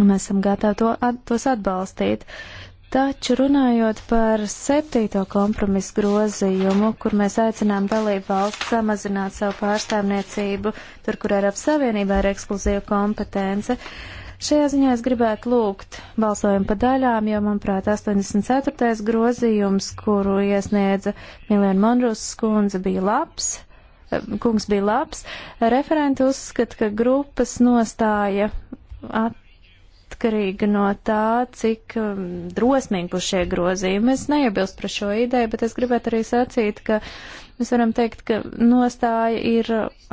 un esam gatavi to, at, tos atbalstīt. Uh, Taču runājot par septīto kompromisu grozījumu, kur mēs aicinām dalību valsts samazināt savu pārstāvniecību, tur, kur Eiropas Savienībā ir ekskluzīva kompetence, šajā ziņā es gribētu lūgt balsojumu pa daļām, jo, manuprāt, 84. grozījums, kuru iesniedza Milēna Monrus skundze, bija labs, eh, kungs bija labs, referenti uzskata, ka grupas nostāja at atkarīga no tā, cik um, drosmīgi būs šie grozījumi. Es neiebilstu par šo ideju, bet es gribētu arī sacīt, ka mēs varam teikt, ka nostāja ir,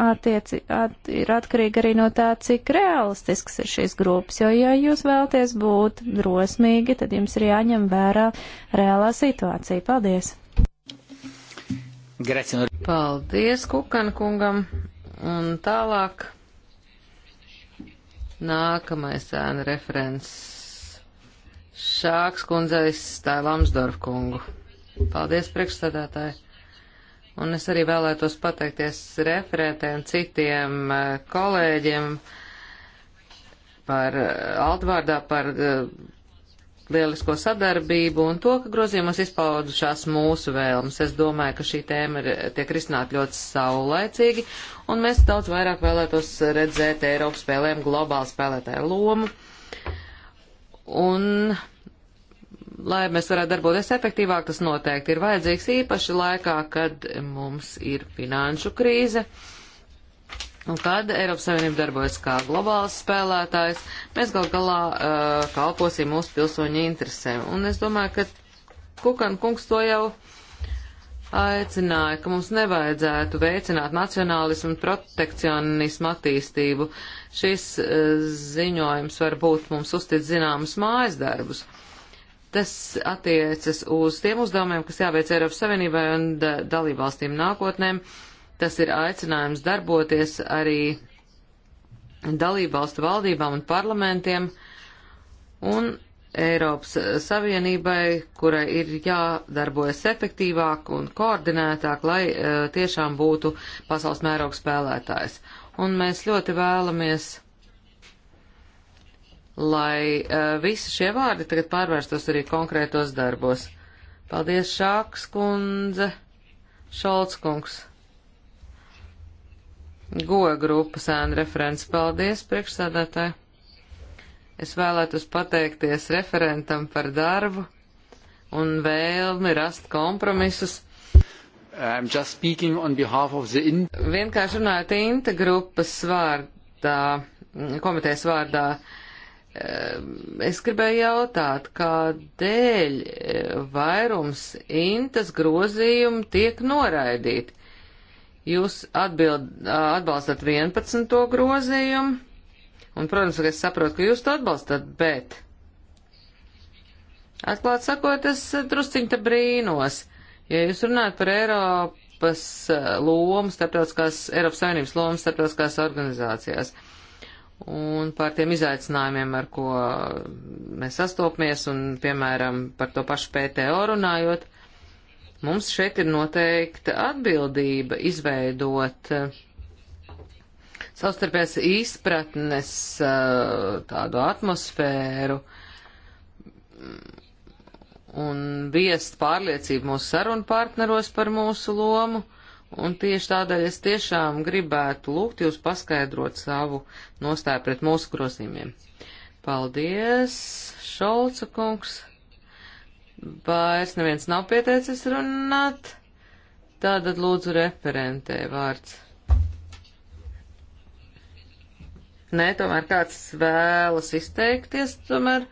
attieci, at, ir atkarīga arī no tā, cik realistisks ir šīs grupas. Jo, ja jūs vēlaties būt drosmīgi, tad jums ir jāņem vērā reālā situācija. Paldies! Paldies Kukan kungam! Un tālāk Nākamais ēna referents. Šāks kundze aizstāja Lamsdorf kungu. Paldies, priekšstādātāji. Un es arī vēlētos pateikties referentiem, citiem eh, kolēģiem par eh, Altvārdā par eh, lielisko sadarbību un to, ka grozījumos izpaudušās mūsu vēlmes. Es domāju, ka šī tēma ir, tiek risināta ļoti saulēcīgi, un mēs daudz vairāk vēlētos redzēt Eiropas spēlēm globālu spēlētāju lomu. Un, lai mēs varētu darboties efektīvāk, tas noteikti ir vajadzīgs īpaši laikā, kad mums ir finanšu krīze. Uh, Un kad Eiropas Savienība darbojas kā globāls spēlētājs, mēs gal galā uh, kalposim mūsu pilsoņu interesēm. Un es domāju, ka Kukan kungs to jau aicināja, ka mums nevajadzētu veicināt nacionālismu un protekcionismu attīstību. Šis uh, ziņojums varbūt mums uztic zināmas mājas darbus. Tas attiecas uz tiem uzdevumiem, kas jāveic Eiropas Savienībai un da dalībvalstīm nākotnēm. Uh, Tas ir aicinājums darboties arī dalībvalstu valdībām un parlamentiem un Eiropas Savienībai, kurai ir jādarbojas efektīvāk un koordinētāk, lai uh, tiešām būtu pasaules mēroga spēlētājs. Un mēs ļoti vēlamies, lai uh, visi šie vārdi tagad pārvērstos arī konkrētos darbos. Paldies, Šāks kundze, Šolts kungs. Goja grupas ēna referents. Paldies, priekšsādātāji! Es vēlētos pateikties referentam par darbu un vēlmi rast kompromisus. Vienkārši runājot Inta grupas vārdā, komitejas vārdā, eh, es gribēju jautāt, kādēļ eh, vairums Intas grozījumu tiek noraidīti? Jūs atbild, atbalstat 11. grozījumu, un, protams, ka es saprotu, ka jūs to atbalstat, bet, atklāt sakot, es drusciņ te brīnos, ja jūs runājat par Eiropas lomu, starptautiskās, Eiropas Savienības lomu starptautiskās organizācijās un par tiem izaicinājumiem, ar ko mēs sastopamies, un, piemēram, par to pašu PTO runājot, Mums šeit ir noteikta atbildība izveidot eh, savstarpēs izpratnes eh, tādu atmosfēru un viest pārliecību mūsu sarunu partneros par mūsu lomu. Un tieši tādēļ es tiešām gribētu lūgt jūs paskaidrot savu nostāju pret mūsu grozījumiem. Paldies, Šolca kungs! Vairs neviens nav pieteicis runāt. Tātad lūdzu referentē vārds. Nē, tomēr kāds vēlas izteikties, tomēr.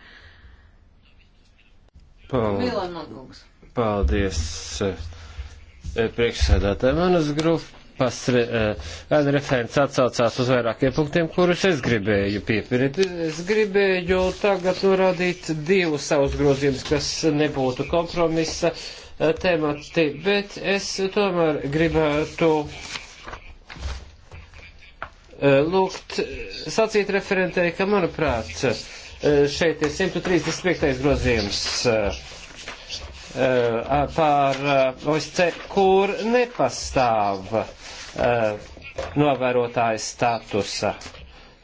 Paldies. Paldies. Eh, priekšsēdētāji manas grupas grupas re, uh, eh, referents atsaucās uz vairākiem punktiem, kurus es gribēju piepirkt. Es gribēju tagad norādīt divus savus grozījumus, kas nebūtu kompromisa uh, temati, bet es tomēr gribētu eh, lūgt sacīt referentei, ka, manuprāt, šeit ir 135. grozījums Eh, par OSCE, eh, kur nepastāv eh, novērotāja statusa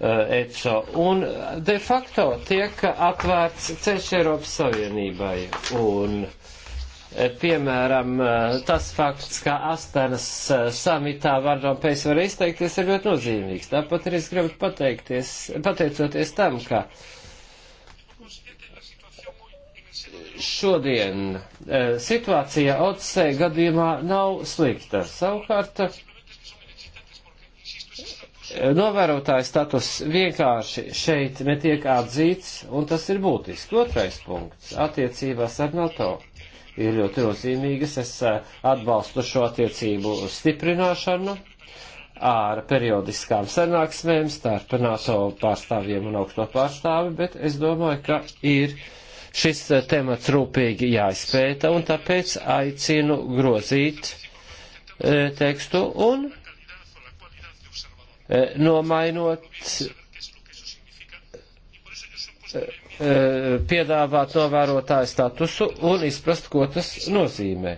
ECO. Un de facto tiek atvērts ceļš Eiropas Savienībai. Un, piemēram, tas fakts, ka Astanas samitā Vardon Pēc var izteikties, ir ļoti nozīmīgs. Tāpat arī es gribu pateikties, pateicoties tam, ka uh, šodien eh, situācija Otsē gadījumā nav slikta. Savukārt, eh, novērotāja status vienkārši šeit netiek atzīts, un tas ir būtiski. Otrais punkts - attiecībās ar NATO. Ir ļoti nozīmīgas, es eh, atbalstu šo attiecību stiprināšanu ar periodiskām sanāksmēm starp NATO pārstāvjiem un augsto pārstāvi, bet es domāju, ka ir šis eh, temats rūpīgi jāizpēta, un tāpēc aicinu grozīt eh, tekstu un eh, nomainot, piedāvāt novērotāju statusu un izprast, ko tas nozīmē.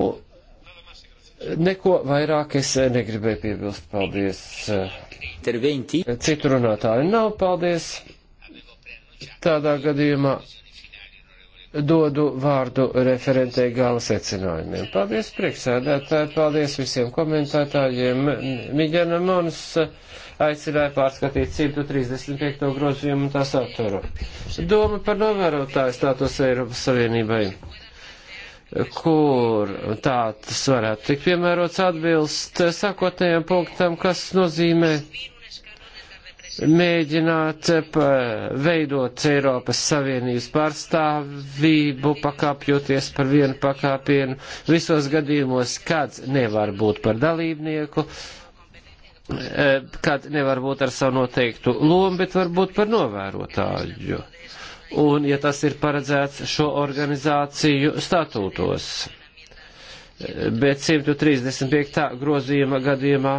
Un neko vairāk es negribēju piebilst. Paldies. Citu runātāju nav. Paldies. Tādā gadījumā dodu vārdu referentei gala secinājumiem. Paldies priekšsēdētāji, paldies visiem komentētājiem. Miģena Mons aicināja pārskatīt 135. grozījumu un tā saturu. Doma par novērotāju status Eiropas Savienībai kur tāds varētu tik piemērots atbilst sakotnējam punktam, kas nozīmē mēģināt eh, veidot Eiropas Savienības pārstāvību, pakāpjoties par vienu pakāpienu visos gadījumos, kāds nevar būt par dalībnieku, eh, kad nevar būt ar savu noteiktu lomu, bet var būt par novērotāju. Un, ja tas ir paredzēts šo organizāciju statūtos. Eh, bet 135. grozījuma gadījumā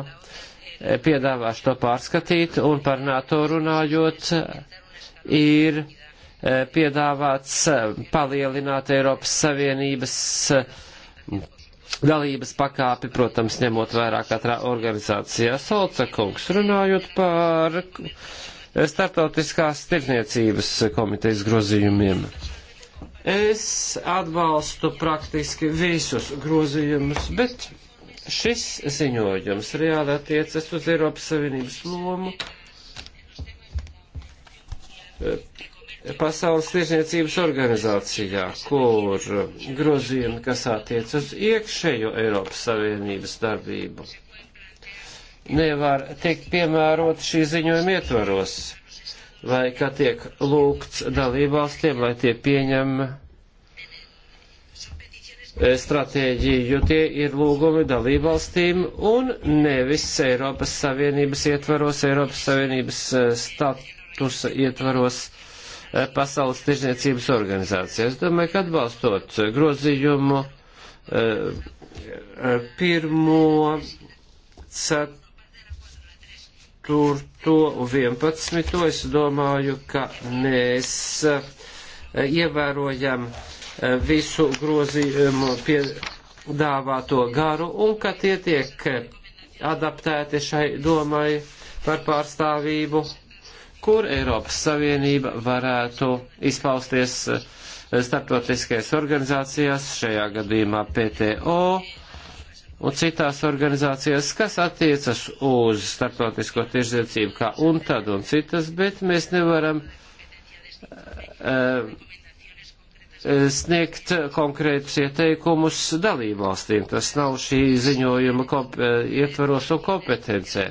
piedāvāšu to pārskatīt, un par NATO runājot, ir e, piedāvāts e, palielināt Eiropas Savienības e, dalības pakāpi, protams, ņemot vērā katrā organizācijā. Solca kungs runājot par startautiskās tirdzniecības komitejas grozījumiem. Es atbalstu praktiski visus grozījumus, bet Šis ziņojums reāli attiecas uz Eiropas Savienības lomu eh, Pasaules tirzniecības organizācijā, kur eh, grozījumi, kas attiec uz iekšējo Eiropas Savienības darbību, nevar tikt piemērot šī ziņojuma ietvaros, vai kā tiek lūgts dalībvalstiem, lai tie pieņem E, stratēģiju, jo tie ir lūgumi dalībvalstīm un nevis Eiropas Savienības ietvaros, Eiropas Savienības e, statusa ietvaros e, pasaules tirzniecības organizācijā. Es domāju, ka atbalstot grozījumu pirmo, ceturto un vienpadsmito, es domāju, ka mēs ievērojam uh, visu grozījumu piedāvāto garu un ka tie tiek adaptēti šai domai par pārstāvību, kur Eiropas Savienība varētu izpausties eh, starptautiskajās organizācijās, šajā gadījumā PTO un citās organizācijās, kas attiecas uz starptautisko tirzniecību kā un tad un citas, bet mēs nevaram uh, Eh, sniegt konkrētus ieteikumus dalībvalstīm. Tas nav šī ziņojuma komp eh, ietvarošo kompetencē.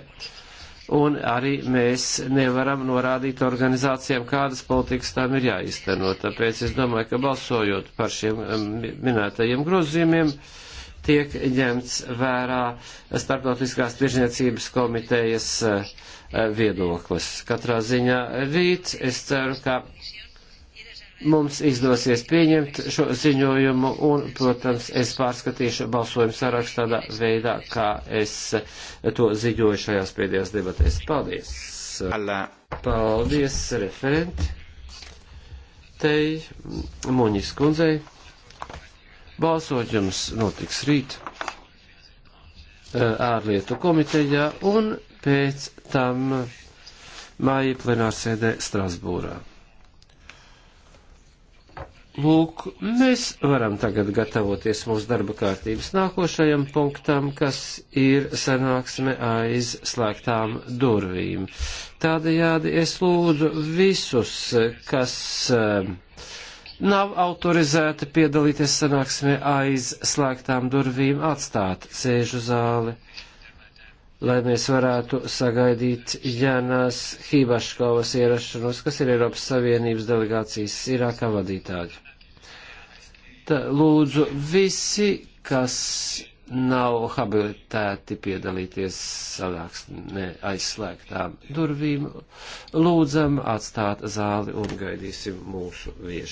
Un arī mēs nevaram norādīt organizācijām, kādas politikas tām ir jāizteno. Tāpēc es domāju, ka balsojot par šiem eh, minētajiem grozījumiem, tiek ņemts vērā Startautiskās tirzniecības komitejas viedoklis. Katrā ziņā rīt es ceru, ka mums izdosies pieņemt šo ziņojumu un, protams, es pārskatīšu balsojumu sarakstu tādā veidā, kā es to ziņoju šajās pēdējās debatēs. Paldies! Alla. Paldies, referenti! Tei Muņis kundzei. Balsojums notiks rīt eh, ārlietu komitejā un pēc tam māja plenārsēdē Strasbūrā. Lūk, mēs varam tagad gatavoties mūsu darba kārtības nākošajam punktam, kas ir sanāksme aiz slēgtām durvīm. Tādējādi es lūdzu visus, kas eh, nav autorizēti piedalīties sanāksmē aiz slēgtām durvīm, atstāt sēžu zāli lai mēs varētu sagaidīt Jānās Hībaškovas ierašanos, kas ir Eiropas Savienības delegācijas Irākā vadītāja. Tā, lūdzu, visi, kas nav habilitēti piedalīties sanāksmē aizslēgtām durvīm, lūdzam atstāt zāli un gaidīsim mūsu viešu.